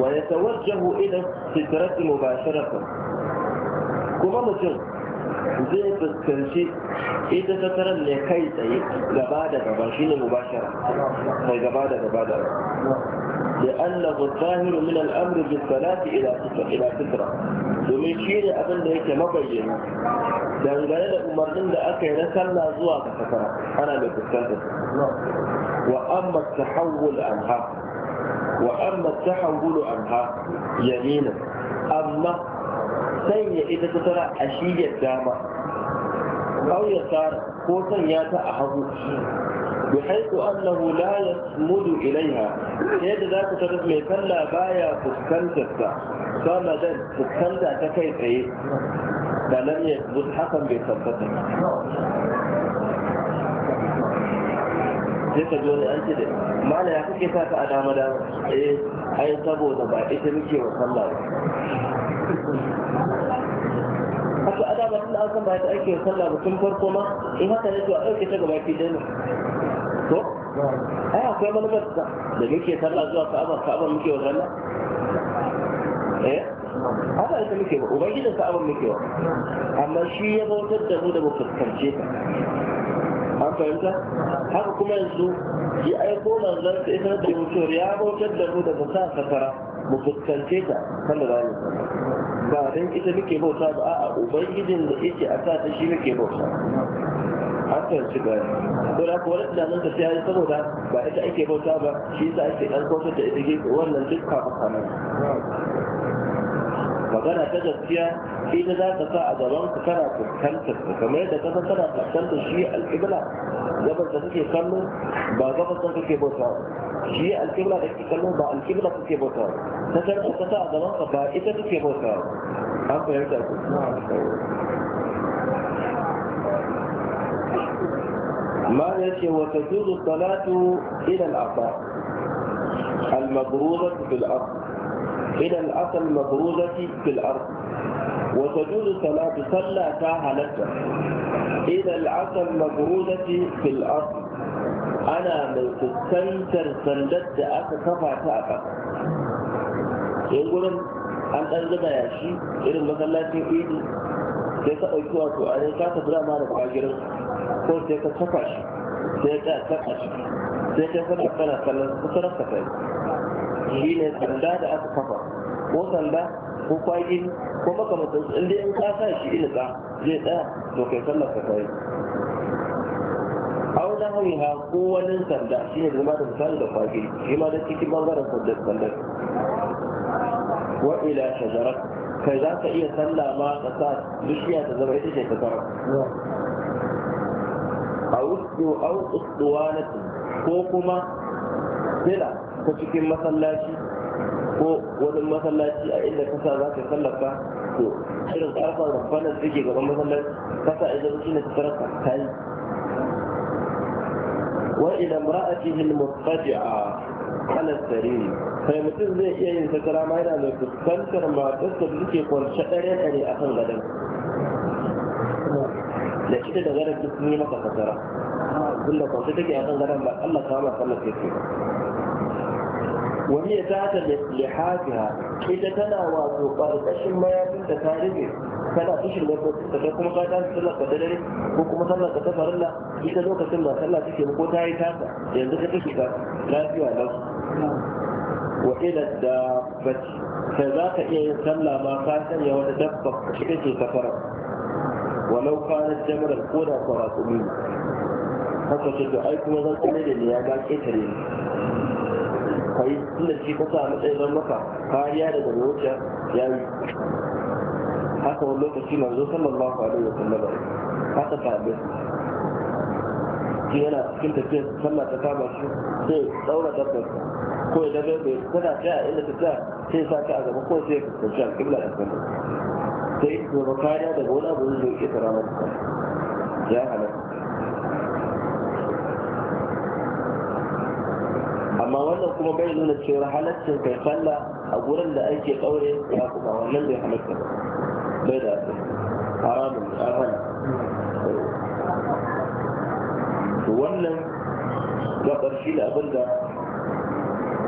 ويتوجه إلى السترة مباشرة Kuma mutum. zai fuskanci ita ta ne kai tsaye gaba da gaba shine mubashara Mai gaba da gaba da لأنه الظاهر من الأمر بالصلاة إلى فترة ila فترة domin shi ne abin da yake mabayyana dangane da umarnin da aka yi na sallah zuwa ga fatara ana mai fuskanta wa amma tahawul anha wa amma tahawulu anha yamina amma sai ya ita ta tara a ya dama ƙauyata ko sanya ta a hagu bi haiku annahu la yasmudu ilaiha Yadda za zaku tara mai kalla baya fuskantar ta sama dan fuskanta ta kai tsaye da nan ne bu hakan bai tabbata sai ka zo an ce da mana ya kake sa ta a dama dama eh ai saboda ba ita muke wa sallah ba to a dama tun da an san ba ta aikin sallah ba tun farko ma in haka ne to a ɗauke ta gaba ki dai ko ai akwai manufar da da muke sallah zuwa ka'aba ka'aba muke wa sallah eh haka ne muke ba ubangijin ka'aba muke wa amma shi ya bautar da mu da mu fuskance ta an fahimta haka kuma yanzu ya aiko manzon sa ita da mutuwar ya bautar da mu da mu sa sakara mu fuskance ta sallallahu alaihi wasallam ba dan ita muke bauta ba a'a ubangijin da yake a sa ta shi muke bauta an shi gani ko da kuwa da nan ta sai saboda ba ita ake bauta ba shi yasa ake dan kofar da ita ke wannan duk kafa kanan magana ta gaskiya ita za ka sa a gaban ka kana fuskantar ka kamar yadda ka san kana fuskantar shi alƙibla gabar da kake kallo ba gabar da kake bauta shi alƙibla da kake kallo ba alƙibla kake bauta ta san ka sa a gaban ka ba ita kake bauta an fahimta ku ما يأتي وتجوز الصلاة إلى الأعضاء المبروزة في الأرض إلى الأصل المبروزة في الأرض وتجوز صلاة صلى تاه لك إلى الأصل المبروزة في الأرض أنا من تستنتر صلت أكتفى تاقا يقول أن أنزل يا شيء إلى المصلاة تنفيدي سيسا أكواتو أنا كاتا بلا ما نبقى جرم قلت سيسا تفاش سيسا تفاش سيسا تفاش سيسا تفاش سيسا تفاش shi ne sanda da aka kafa ko sanda ko kwagi ko makamantan su inda yin kasa shi inuka zai tsaya to kai sallar ka kai a wajen hanyar ha ko wani sanda shi ne zama da misali da kwagi shi ma da cikin bangaren sanda sanda wa ila shajarar kai za ka iya sallah ma ka sa bishiya ta zama ita ce ta tara a wasu na tsuwanatu ko kuma sila ko cikin masallaci ko wani masallaci a inda kasa za ka sallaka to irin ƙarfan rafanar suke gaban masallaci kasa idan shi ne tsarka ta yi wa ila mar'atihi al-mutfaji'a ala sarir sai mutum zai iya yin sakara ma yana mai fuskantar matarsa da suke kwance ɗare ɗare a kan gadon da ita da gadon duk sun yi maka sakara tunda kwance take a kan gadon ba Allah ta ma sallar take ba وهي تحت لحاجها إذا تنا واتو قرقش ما يكون تتاربه kana tushin da ta kai kuma ka tashi sallar ka dare ko kuma sallar ka ta farilla ita lokacin ba sallah take ko ta yi tasa yanzu ka take ka lafiya lau wa ila dabbati sai za ka iya yin sallah ma ka sanya wata dabba ita ce ta fara walau kana jamarar ko da kwara kuma haka ce to ai kuma zan tsare da ne ya ga ketare ka yi tunda shi ka sa matsayin don maka kariya daga wuce ya yi haka wani lokaci manzo sallallahu alaihi wa sallam haka abin shi yana cikin tafiyar sallah ta kama shi sai daura dabbar ko idan bai bai tana ta inda ta ta sai sa ta a gaba ko sai ka tsaci alƙibla da kuma sai ka kariya daga wani abu zai iya tsara mata ya halatta amma wannan kuma bai nuna cewa halaccin kai falla a gurin da ake kaure ya kuma wannan bai halatta ba bai da su haramun haramun wannan ga ƙarshe da abin da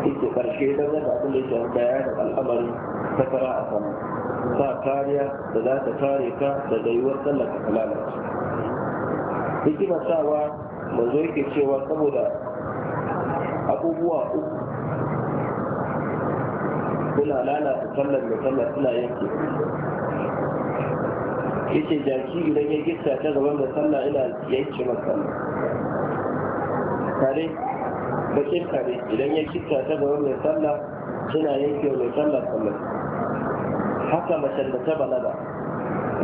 yake ƙarshe don yadda abin da yake bayanin al'amari ta fara a sama sa kariya da za ta kare ka daga yiwuwar tsallaka kalalaci hikimar sawa manzo yake cewa saboda abubuwa uku suna lalata sallar da sallar suna yanke yake jaki idan ya gista ta gaban da sallah ina yanke masa kare bakin kare idan ya gista ta gaban da sallah suna yanke mai sallah sallah haka mace da ta balaga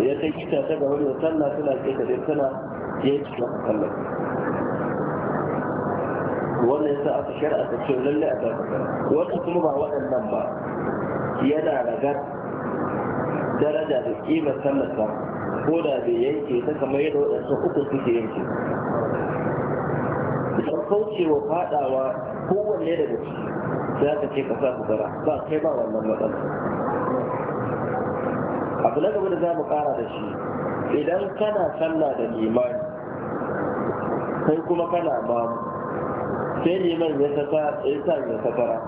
ya ta gista ta gaban da sallah suna kai ta suna yanke masa wannan yasa aka shar'anta cewa lalle a ba wannan kuma ba waɗannan ba yana ragar daraja da kimar sallarsa ko da bai yanke ta kamar yadda waɗansu uku suke yanke don kaucewa faɗawa kowanne daga ciki za ka ce ka sa ku gara ba kai ba wannan matsala abu na gaba da za mu ƙara da shi idan kana sallah da limani kai kuma kana mamu sai neman ya saka ya sa ya sakara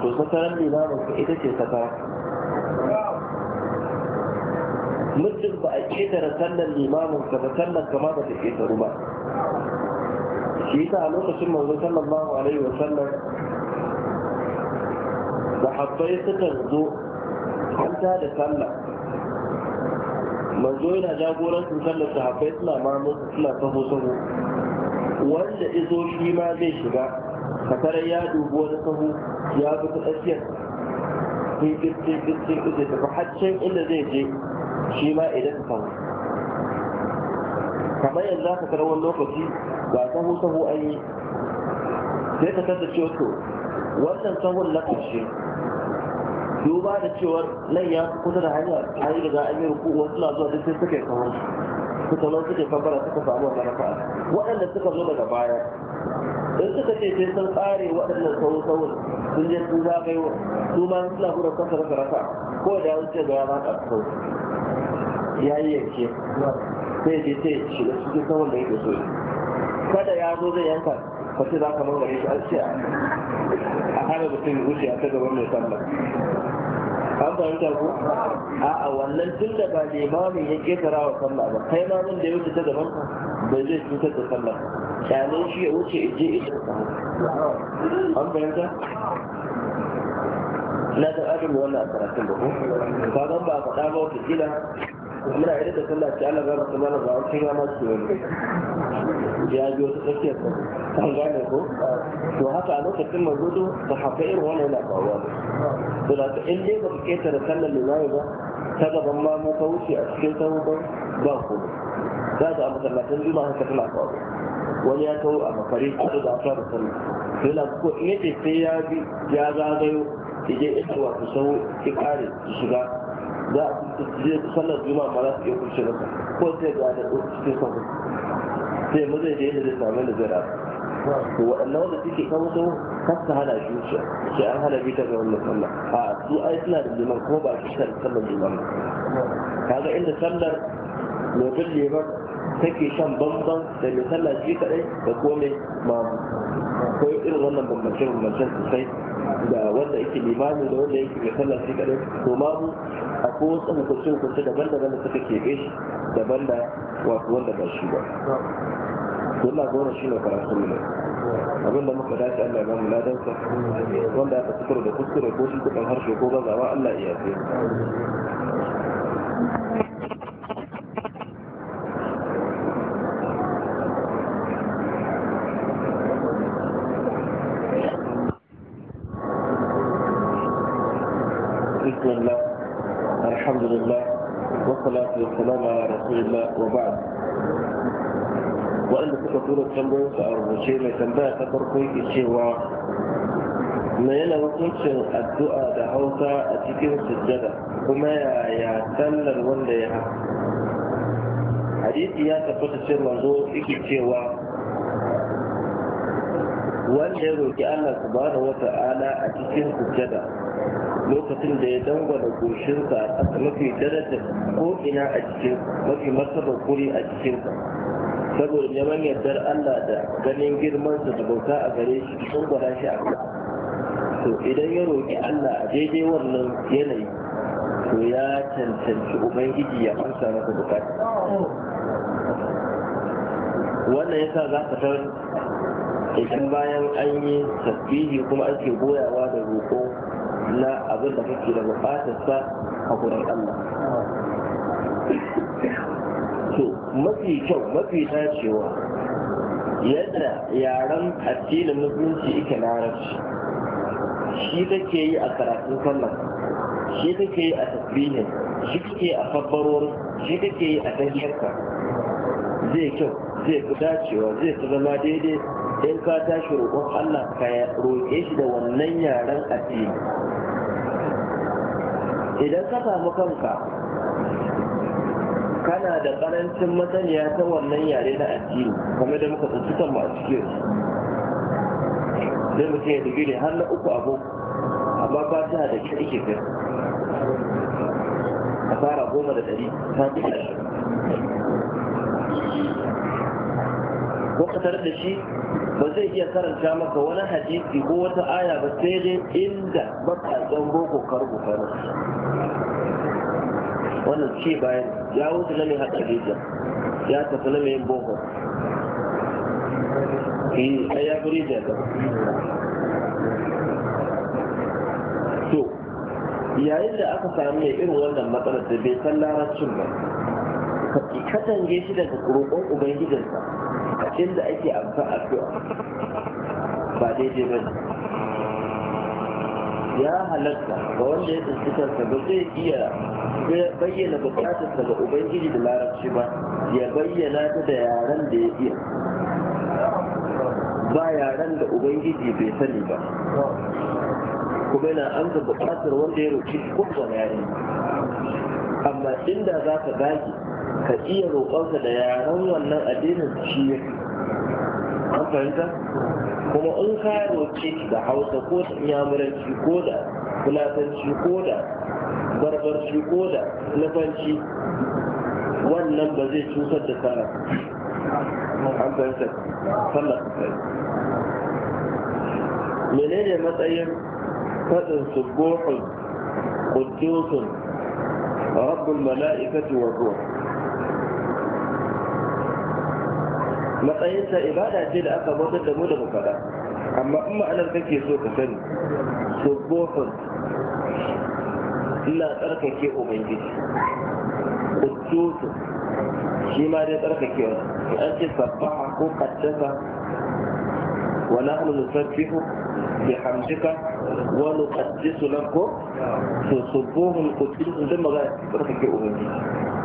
to sakaran limamin ka ita ce sakara muddin ba a ƙetare sannan limamin ka ba sannan kama ba ta ƙetaru ba shi yasa a lokacin manzo sallallahu alaihi wa sallam sahabbai suka zo an ta da sallah manzo yana jagorancin sallar sahabbai suna ma suna saho saho wanda izo shi ma zai shiga sakarai ya dubi wani sahu ya bi ta tsakiyar tinkirtinkirtin zai tafi haccen inda zai je shi ma idan ta sahu kamar yanzu za ka karar wani lokaci ba sahu sahu an yi sai ka tattar cewa wannan sahun na ƙarshe duba da cewa nan ya kusa da hanyar a yi daga an yi ruku wasu na zuwa duk sai suke sahun suka nan suke kabbara suka samu wannan raka'a waɗanda suka zo daga baya in suka ce sai sun tsare waɗannan sauran sauran sun je sun zagayo su ma suna gudun kansa da rasa ko da yawon ce gaya ya rasa sau ya yi yanke sai je sai shiga cikin sauran da yake so kada ya zo zai yanka ka ce za ka mangare shi an ce a hana mutum wuce a ta gaban mai sallah an fahimta ku? a'a wannan tun da ba limamin ya ketara wa sallah ba kai ma mun da ya wuce ta gaban ba zai cutar da sallah kyale shi ya wuce in je ije ije an fahimta na ta adam wannan a karatun ba ku? ka ba a faɗa ba wata kila muna idan da sallah ce Allah gaba kamar ba an kai ma su wani ya ji wata tsakiyar ta kan gane ko to haka a lokacin manzo to ta hafa irin wannan yana faruwa to da ta in dai ba ka ketare sallar limami ba ta gaban ma mu ka wuce a cikin sahuban ba ko za ta a masallatan juma'a haka tana faruwa wani ya kawo a makare a da ta da sallah sai na ko in yace sai ya bi ya zagayo ya je ita wato sau ki kare ki shiga za je sallar juma'a ma za su iya kurce masa ko sai ga da cikin sa sai mu zai je yadda zai samu da zira to waɗannan wanda suke kan wasu kasta hana shi wuce sai an hana bita ga wannan sallar a su ai suna da liman kuma ba shi da sallar liman kaga inda sallar mai bin liman take shan bambam da mai sallar shi kaɗai da kuma mai akwai irin wannan bambance bambance sosai da wanda yake limani da wanda yake mai sallah shi kadai to ma mu akwai wasu hukunci hukunci daban-daban da suka keɓe shi daban da wato wanda ba shi ba wannan gona shi ne karatu ne abin da muka dace Allah ba mu ladansa wanda aka kuskure da kuskure ko shi kudin harshe ko gazawa Allah iya ce بسم الله الحمد لله والصلاة والسلام على رسول الله وبعد وأن تكتور أو شيء ما تقرقي شيء و ما ينا وكوش الدعاء دعوتا أتكيه السجدة وما يعتل الولد يحب حديث يا تقول الشيء منظور إكي الشيوى wanda ya roƙi Allah subhanahu wa ta'ala a cikin sujjada lokacin da ya dangwada goshinsa a ƙasa mafi daraja ko ina a cikin mafi martaba kuri a cikinsa saboda neman yardar Allah da ganin girmansa da bauta a gare shi sun gwada shi a ƙasa to idan ya roƙi Allah a daidai wannan yanayi to ya cancanci ubangiji ya amsa masa bukata wannan yasa za ka tar idan bayan an yi tasbihi kuma ake goyawa da roƙo na abin da kake da bukatarsa a gurin Allah to mafi kyau mafi dacewa yadda yaren addinin musulunci ike larabci shi kake yi a karatun sallah shi kake yi a tasbihin shi kake a kabbaror shi kake yi a tahiyarka zai kyau zai fi dacewa zai fi zama daidai in ka tashi roƙon Allah ka roƙe shi da wannan yaren addini idan ka samu kanka kana da karancin masaniya ta wannan yare na addini kamar da muka tsinci kan a cikin zai mutum ya ne har na uku abu amma ba ta da ke kai a fara goma da ɗari ta fi ko ka tarar da shi ba zai iya karanta maka wani hadisi ko wata aya ba sai dai inda bakaƙen boko karbu kano wannan ce bayan ya wuce na mai haɗa rijiya ya tafi na mai boko eh ya fi da da to yayin da aka sami mai irin wannan matsalar da bai san larabcin ba katange shi daga roƙon ubangijinsa a cikin da ake amsa addu'a ba daidai ba ne ya halatta ga wanda ya tsinci kansa ba zai iya bayyana bukatarsa ga ubangiji da larabci ba ya bayyana ta da yaren da ya iya ba yaren da ubangiji bai sani ba kuma yana amsa bukatar wanda ya roƙi kowane yare amma inda za ka gaji ka iya roƙonsa da yaran wannan addinin shi ya an fahimta kuma in ka roƙe da hausa ko da inyamuranci ko da fulatanci ko da barbarci ko da nufanci wannan ba zai cutar da sana an fahimta sallar kai menene matsayin faɗin subuhun rabbul رب wa والروح matsayinsa ibada ce da aka bautar da mu da mukada amma in ma'anar kake so ka sani so gofin ina tsarkake ubangiji kudusu shi ma dai tsarkake sai an ce sabbaha ko kaddasa wa nahnu nusabbihu hamdika wa nuqaddisu lakum to subuhun kudusun da magana tsarkake ubangiji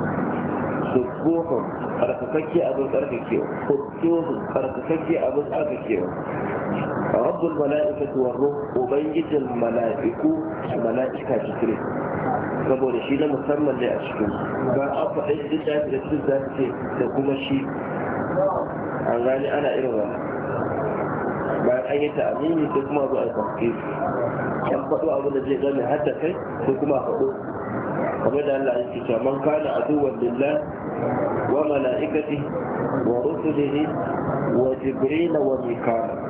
dubbuhun karkasakke abin tsarkakewa kudduhun karkasakke abin tsarkakewa rabbul mala'ikatu war ruh ubangijin mala'iku mala'ika jibril saboda shi na musamman ne a cikin ba a faɗin duk da da cikin za ce da kuma shi an gani ana irin wani bayan an yi ta'amini sai kuma zo a kwanke an faɗo abin da zai gane har da kai sai kuma faɗo kamar da Allah ya ce man kana aduwan lillah وملائكته ورسله وجبريل وميكائيل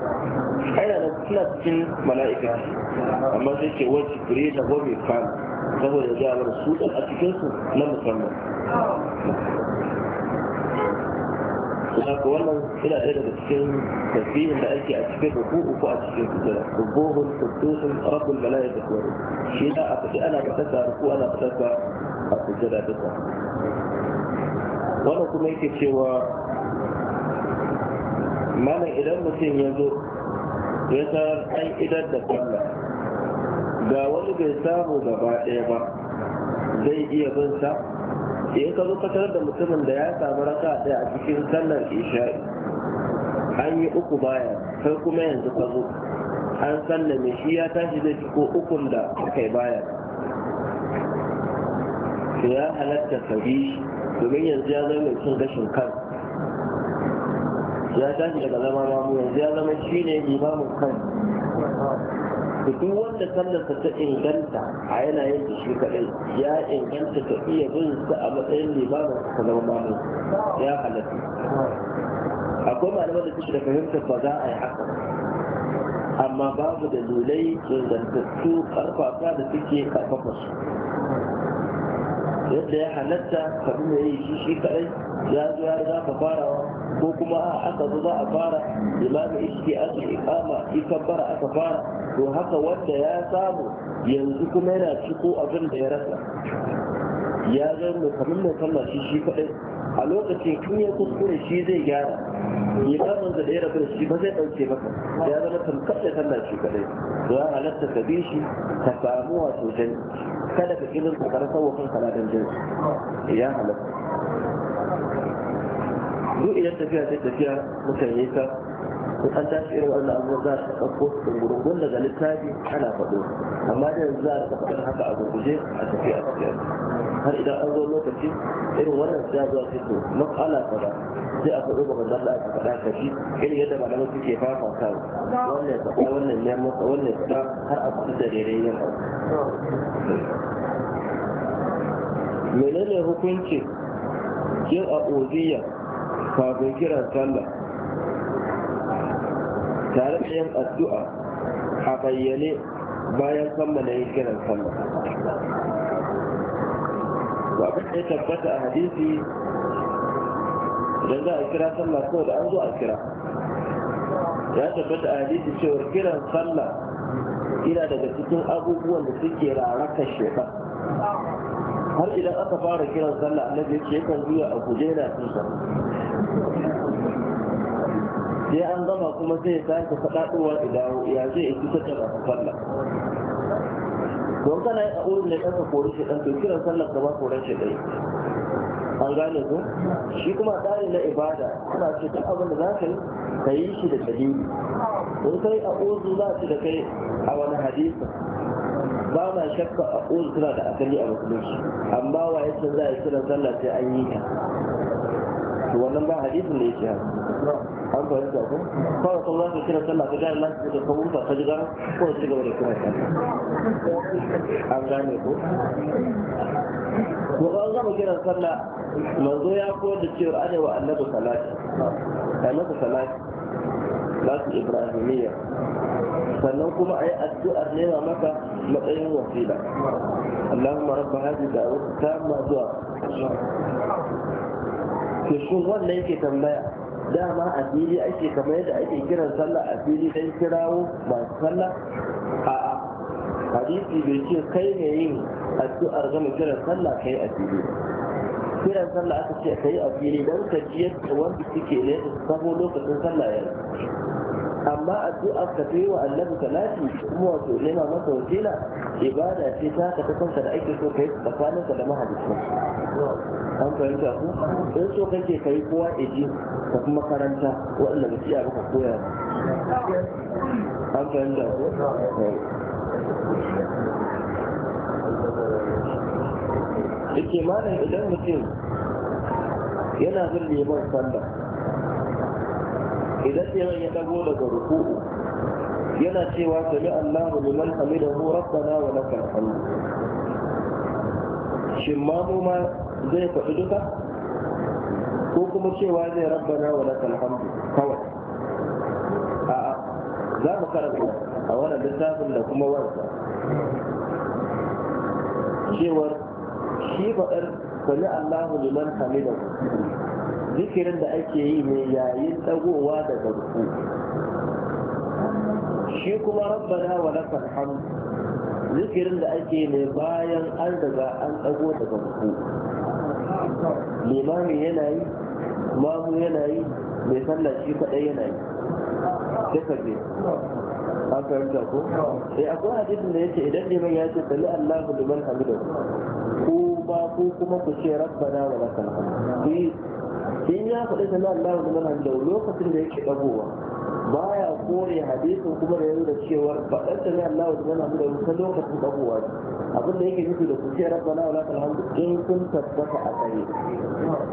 أين نتلت ملائكته أما ذلك وجبريل وميكائيل فهو جاء رسول الأتكاس لم يسمى Saka wannan ina ɗaya daga cikin tafiyin da ake a cikin rubu'u ko a cikin kudura. Rubu'un, kudusun, rabbul mala'ika ko shi da a faɗi ana fatasa ruku ana fatasa a kudura duka. wani kuma yake cewa mana idan mutum ya zo ya tarar an idar da sallah ga wani bai samu gaba ɗaya ba zai iya bin sa in eh, ka zo tarar da mutumin da ya samu raka ɗaya a cikin sallar isha'i an yi uku baya sai kuma yanzu ka zo an sallame shi ya tashi zai fi ko ukun da aka yi baya ya halatta sabi shi domin yanzu ya zama mai cin gashin kan ya tashi daga zama mamu yanzu ya zama shi ne limamin kan duk wanda sallarsa ta inganta a yanayin da shi kaɗai ya inganta ta iya bin sa a matsayin limamin ka zama mamu ya halatta akwai malamar da suke da fahimtar ba za a yi haka amma babu da lulai ingantattu karfafa da suke karfafa su yadda ya halatta ka ya yi shi kadai ya zo ya riga ka farawa ko kuma a aka zo za a fara imamu ishi aka ikama bara aka fara to haka wanda ya samu yanzu kuma yana ciko abin da ya rasa ya zama kamar mai shi shi kadai a lokacin kin ya kuskure shi zai gyara limamin da ya rabu da shi ba zai ɗauke maka ya zama tamkar da sallah shi kaɗai a halatta ka bi shi ka samu wato jan kada ka kirin ka karasa wa kanka ladan jan ya halatta duk idan tafiya sai tafiya mukan ka in an tashi irin wannan abubuwa za su ɗauko su gurgun daga littafi ana faɗo amma da yanzu za a taɓa faɗin haka a gurguje a tafi a tafiya har idan an zo lokaci irin wannan sai ya zo a fito matsala kaza sai a faɗo ga manzon da aka faɗa ka shi irin yadda malamai suke fafa kawo wannan ya faɗa wannan ya masa wannan ya faɗa har a kusa da rere yin abu menene hukunci yin a Oziya kafin kiran sallah tare da yin addu'a a bayyane bayan kammala yin kiran sallah ba abin da ya tabbata a hadisi idan za a kira sallah ko da an zo a kira ya tabbata a hadisi cewar kiran sallah ina daga cikin abubuwan da suke raraka shekar har idan aka fara kiran sallah annabi yake yakan zuwa a guje na sai an gama kuma zai sake faɗaɗowa da dawo ya zai isi ta masu su sallah don kana yi a wurin ne ɗansa kori shi ɗan to kiran sallar gaba koran shi ɗai an gane ku shi kuma tsari na ibada suna ce duk abin da za ka yi ka yi shi da dalili don kai a uzu za su da kai a wani hadisa ba ma shakka a uzu suna da asali a musulunci amma wa yake za a kiran sallah sai an yi ta to wannan ba hadisin da yake haka an fahimta ko kawai kuma za ka kira sallah ka gane lafiya da kawun ka ji gara ko ci gaba da kira sallah an gane ko to an gama kiran sallah manzo ya koyar da cewa ana wa annabi salati annabi salati salatu ibrahimiyya sannan kuma ayi addu'ar nema maka matsayin wasila اللهم رب هذه الدعوة التامة zuwa. Kirkun wannan yake tambaya dama a fili ake kamar yadda ake kiran sallah a fili don kirawo masu sallah a'a hadisi bai ce kai ne yin addu'ar gama kiran sallah kai a fili kiran sallah aka ce kai a fili dan ka ji yadda wanda suke ne sabo lokacin sallah ya amma addu'a ka ta yi wa annabi salati kuma wato nema masa wasila ibada ce ta ka ta da ake so ka yi tsakaninka da mahalicci an fahimta ku in so kake ka yi kowa eji ka kuma karanta waɗanda ba ciya ka koya an fahimta ku yake malam idan mutum yana bin neman sallah idan tsiran ya dago daga ruku'u yana cewa sami Allahu liman hamidahu rabbana wa lakal hamd shin ma mu ma zai faɗi duka ko kuma cewa zai rabbana wa lakal hamd kawai a'a za mu karanta a wannan littafin da kuma wansa cewar shi faɗar sami Allahu liman hamidahu zikirin da ake yi ne yayin dagowa da ruku shi kuma rabbana wa lakal hamd zikirin da ake ne bayan an daga an dago da ruku limami yana yi mamu yana yi mai sallah shi kadai yana yi duka ne an fahimta ko sai eh, akwai hadisin da yace idan liman ya ce sami Allahu liman hamidu ku ba ku kuma ku ce rabbana wa lakal hamd in ya faɗi sami Allah da mana da lokacin da yake ɗagowa baya kore hadisin kuma da yanzu da cewar faɗar sami Allah da mana da ta lokacin ɗagowa abin da yake nufi da kuciyar na wala talhamdu in kun tabbata a tsaye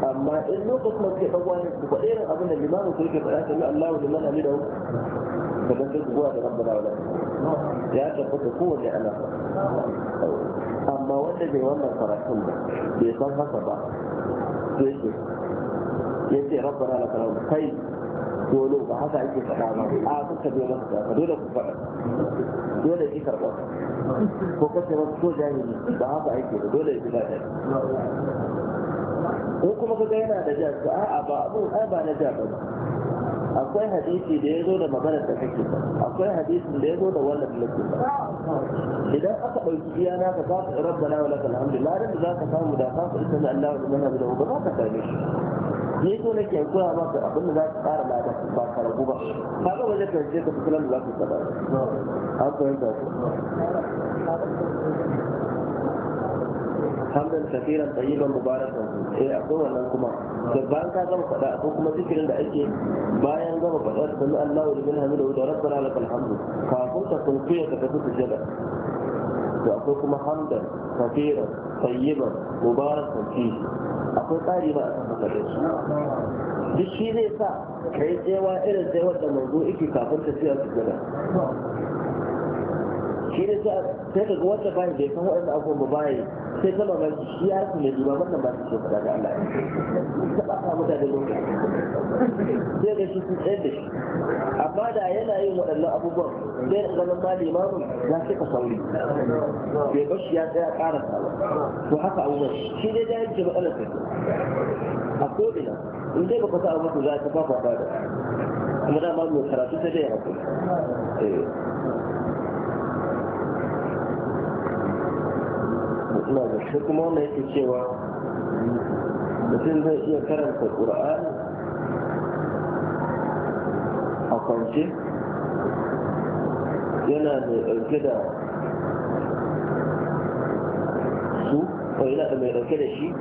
amma in lokacin da kuke ɗagowa ne ku faɗi irin abin da limamin ku yake faɗa sami Allah da mana da ka ga duk da rabbana wala ya tabbata kowanne ana amma wanda bai wannan karatun ba bai san haka ba to yake ya ce rabbana la kalam kai dole ba haka ake faɗa ba a kuka biyo masa ka dole ku faɗa dole ki karɓa ko kace masa ko jahili ba haka ake ba dole ki faɗa ko kuma kaga yana da jar to a'a ba abun ai ba na jar ba akwai hadisi da ya zo da maganar da kake akwai hadisin da ya zo da wannan da nake idan aka ɗauki iya na ka ba ka rabbana wa lakal hamdu ladan da za ka samu da ka isa da Allah wa liman hamdu ba za ka same shi ne so nake in koya maka abin da za ka fara lada ba ka ragu ba ka ga ba zai karance ka fitilan da za ka saba an fahimta ku hamdan kafiran tayyiban mubarakan sai eh, a wannan kuma da bayan ka gama faɗa ko kuma zikirin da ake bayan gama faɗa sami Allahu liman hamidu da rabbana lakal hamdu kafin ka sunkuya ka tafi sujada to akwai kuma hamdan kafiran tayyiban mubarakan fi akwai tsari ba a kan haka duk shi zai sa kai tsewa irin tsayawar da manzo yake kafin tafiya su gada shi ne sai ka ga wanda ba bai san waɗanda abubuwan ba bai sai ka ba shi ya su mai duba wannan ba su ce faɗa da Allah ta ba ka samu da lokaci sai ga shi sun tsayar da shi amma da yana yin waɗannan abubuwan sai da ganin ma limamin ya fi ka sauri bai bar shi ya tsaya ƙara sawa to haka abubuwan shi ne da yanke matsalar ta, a ko'ina in dai baka sa abubuwan to za ka fafa da kuma da ma mai karatu sai dai ya haƙuri eh. na da shi kuma wanda yake cewa mutum zai iya karanta ƙura'ani a kwance yana da ɗauke da su ko yana da mai ɗauke da shi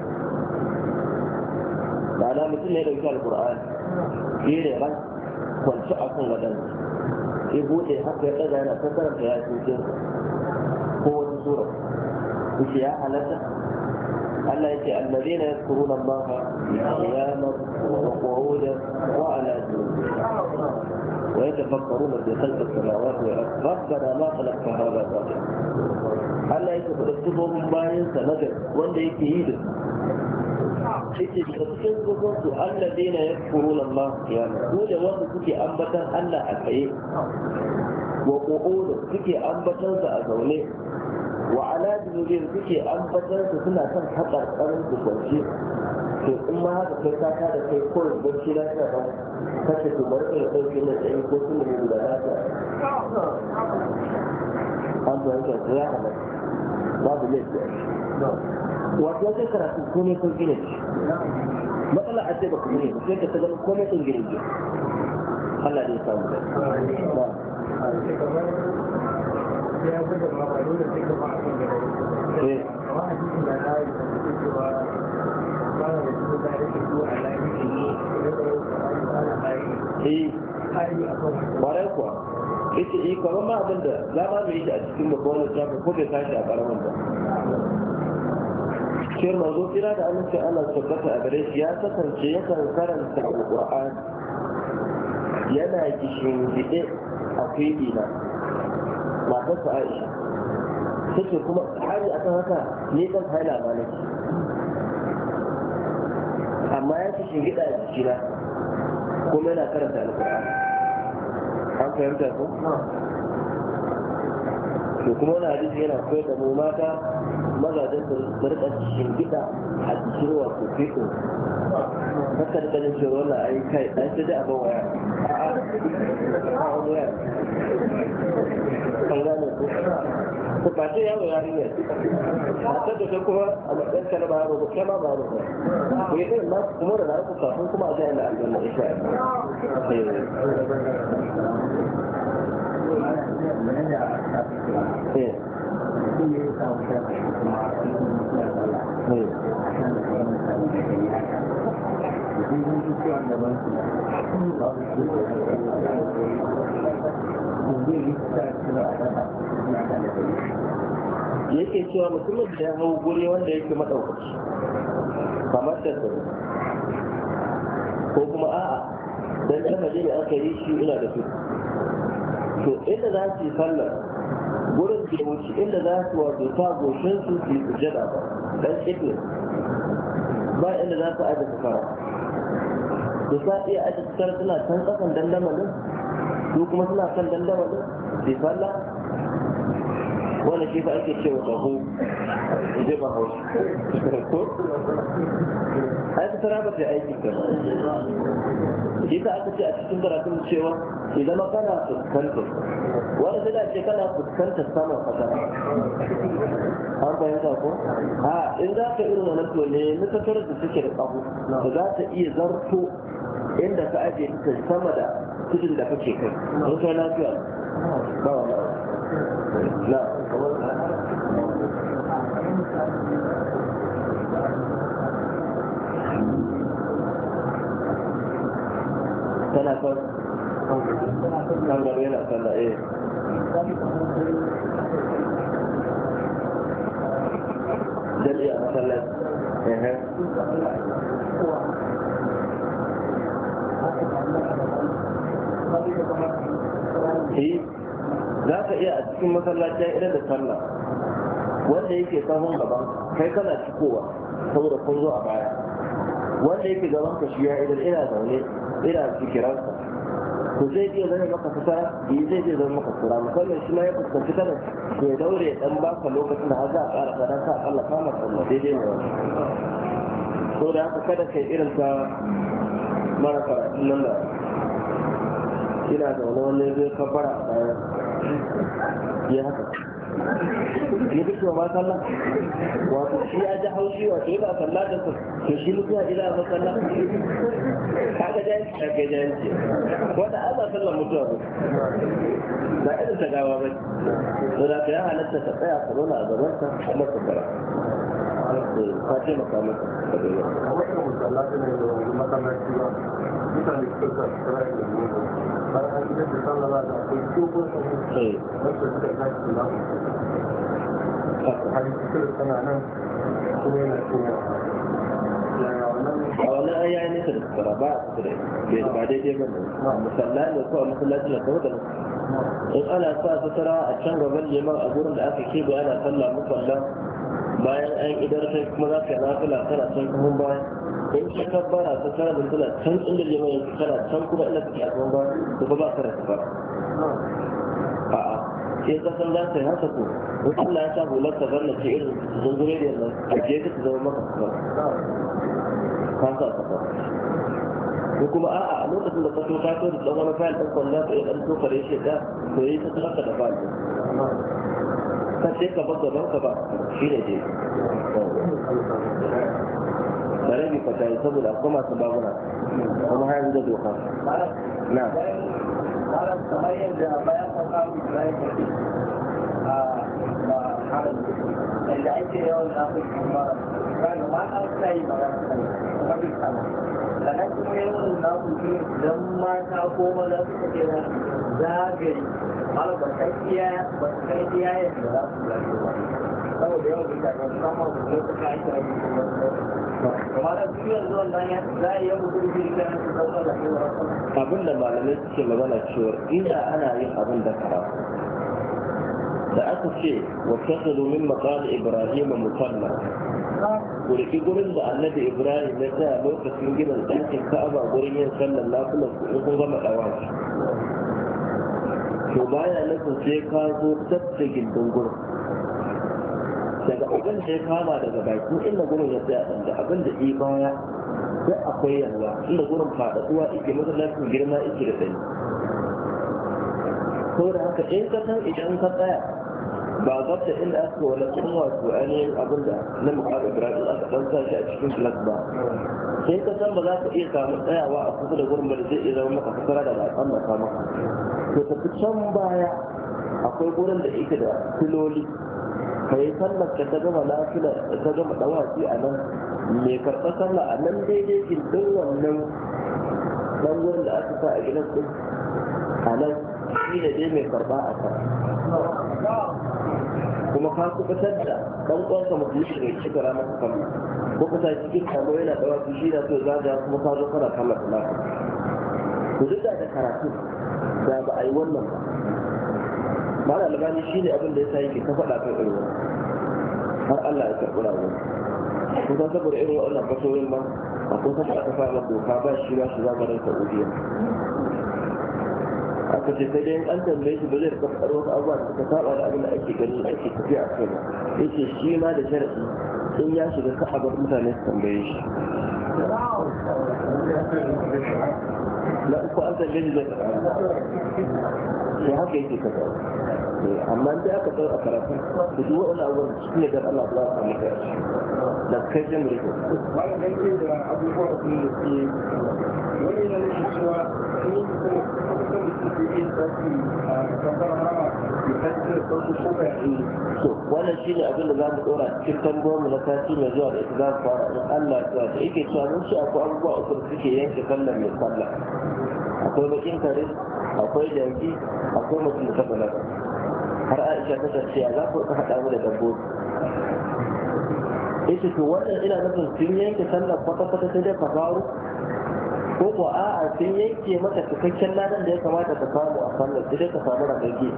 na mutum ne ɗauke da ƙuraani shi ne ran kwanci a kan gadon ya buɗe haka ya ɗaga yana ta karanta ya ce ko wata sura yake ya halatta Allah na yake allazina yadhkuruna Allah qiyaman wa qu'udan wa ala junubihim ويتفكرون في خلق السماوات والارض ربنا ما خلقت هذا باطلا Allah ya ce, ku faɗa sifofin bayan sanadar wanda yake yi da su yake da cikin sifofin su Allah dai na ya kuro nan ma kiyama su da wanda suke ambatan Allah a tsaye wa ƙo'o da suke ambatan sa a zaune وعلى duniyar suke ambatar su suna son haƙar ƙarin su kwanci to in ma haka kai ka da kai ko bacci lafiya ba kace to bar kai ɗauki na tsayi ko sun da guda lafiya an ba yanka ta ya hana babu laifi wato sai karatu komai kan gina ce matsala a ce ba kuma ne sai ka ta gani komai kan gina ce Allah ne ya samu da. kwarai eh. eh. kuwa yi eh, kwaron ma abin da za ma mai yi a cikin babban ko bai tashi a karamin ba cikin da amince Allah tabbata a gare ya kasance yakan karanta alƙur'ani yana gishin gide a matarsa aisha take kuma hali kan haka ne kan haila ma nake amma ya fi shingida a jikina kuma yana karanta alƙur'ani an fahimta ku? to kuma wani hadisi yana koyar da mu mata mazajen da rika shingida a jikin wato fiƙo kakar ganin cewa wannan ayi kai ɗan sai dai abin waya ku ba ce yaro yarinya matar da kuma a na ba yaro kai ma ba kuma da kuma a da yake cewa mutumin da ya hau guri wanda yake maɗaukaki kamar da zai ko kuma a'a don ɗan maje da aka yi shi ina da su to inda za su yi sallar gurin da wuce inda za su wato ta goshin su su yi sujada ba ɗan iblis ba inda za su aje su fara da sa iya aji tsar suna can kasan dandamalin su kuma suna kan dandamalin sai falla wanda shi fa ake cewa kaho in ji ba hausa ko ai ta tara ba ta aiki ka shi ta aka ce a cikin karatun cewa ya zama kana fuskantar wani sai da ce kana fuskantar saman kasa an fahimta ko a in za ka irin wannan to ne na da suke da kaho za ta iya zarto inda ka ajiye ta sama da tudun da kake kai in kai lafiya ba wa na tana kan kan gaba yana sallah eh dan iya masallaci Eh, za ka iya a cikin masallacin irin da sallah wanda yake sahun gaban kai kana cikowa saboda kun zo a baya wanda yake gaban ka shiya idan ina zaune ina fikiransa to zai iya zama maka fitara yi eh, zai iya zama maka fitara musamman shi ma ya fuskanci kanan to ya daure ya dan baka lokacin da har za a ƙara kadan ka Allah kama sallah daidai ne wannan to da haka kada kai irin ta mara karatun nan da ina zaune wani zai kafara a bayan ya haka ya fi ba sallah wato shi ya ji haushi wato yana sallah da to shi mutum ya ila ba sallah kaga janci ka ga janci wanda an ba sallah mutuwa ba ba irin ta gawa ba to da ka ya halatta ka tsaya ka zauna a gaban ka kuma ka fara ساتھی مسالے لا يعني في الاضطرابات في بعدين جاب مسلا وكو مسلا جل كود إن أنا سأترى أشنغ بل يما أقول لأخي كيف أنا سلا مسلا bayan an idar kai kuma za ka yi nafila kana can ba baya in ka kabbara ta kana da tana can inda jama'a yanzu kana can kuma ina kake a kahun baya to ba ba ka rasa ba a'a sai ka san za ka yi haka ko in Allah ya sa hular ka ban ce irin zungure da yanzu a ke ka zama maka ba ka sa ka ba ko kuma a'a a lokacin da ka so ka so da tsawon fayil ɗan kwallon ka iya ɗan so kare shi da ko yi ta tsaka da fayil kan sai ka baka banka ba shi ne dai bare bi fata yi saboda akwai masu babura kuma har yanzu doka na kamar yadda bayan fasahu Ibrahim a ba harin yadda ake yawan zafin kuma ba mata suna yi ba kuma duk sama sannan kuma yawan zafin don mata ko za suka ke zagari قالوا بكيتيا بكيتيا يا saboda yawan mutane musamman lokacin aiki na kuma kuma da duniyar zuwan baya za a yi mutum biyu da su zama da kuma abin da malamai suke magana cewa inda ana yin abin da karatu da aka ce wa tattalu min maqam ibrahim musalla ku riki gurin da annabi ibrahim ya tsaya lokacin gidan ɗakin ka'aba gurin yin sallar lafiya ku in kun gama ɗawaci to baya nufin sai ka zo tsabta gindin gurin daga abin da ya kama daga baki inda gurin ya tsaya ɗan da abin da ya baya sai akwai yalwa inda gurin faɗaɗuwa ike masallacin girma yake da ko da haka in ka san idan ka tsaya ba zabta inda aka wani kuma wato ainihin abinda na mukaɓa ibrahim aka ɗan sa a cikin flas ba sai ka san ba za ka iya samu tsayawa a kusa da gurin da zai iya zama maka fasara da al'an da ka maka to tafi can baya akwai gurin da yake da filoli ka yi sallar ka ta gama lafiya ta gama dawaki a nan mai karɓa sallar a nan daidai gindin wannan ɗan gurin da aka sa a gidan ɗin a nan shi ne dai mai karɓa a kan kuma ka kubutar da dan uwanka musulmi da shi kara maka kalla ko ka sai cikin kamo yana dawa shi na so zagaya kuma ka zo kana kallon kalla ku duk da karatu da ba a yi wannan ba malam albani ne abin da ya sa yake ka faɗa kan irin har Allah ya karɓi rayuwa ko ta saboda irin wannan fasoyin ba a kusa da ka fara doka ba shi ba shi zamanin ubiya aka ce sai dai an tambaye shi ba zai rika faɗar wasu abubuwa da suka saba da abin da ake gani ake tafiya a kai ba yace shi ma da sharaɗi in ya shiga ka bar mutane su tambaye shi لا انت قلت لنزل في هكي انتي كتاب اما انت اكتر اكتراتي بدو اقول اول شكية جاب الله الله عليك اشي لا تخير جم ريكو وانا شيء اقول له لا بقول لك كيف كان قوم لا تاتي مجال اقدام فارغ الله تاتي اي كيف كان وش اكو اربع اخر فيك ينك كلم يصلح akwai bakin kare akwai jaki akwai mutum da har aisha ta tafi ya za ku ka haɗa mu da dabbobi ita to wannan ina nufin sun yanke sallar kwata-kwata ta dai faru ko ko a'a sun yanke maka cikakken ladan da ya kamata ka samu a sallar sai ka samu ragage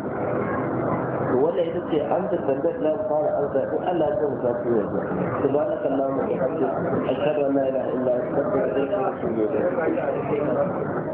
to wannan ita ce an da tambayar da fara an da in Allah ya tsaya su yanzu subhanaka allahumma wa bihamdika ashhadu an la ilaha illa anta astaghfiruka wa atubu ilayk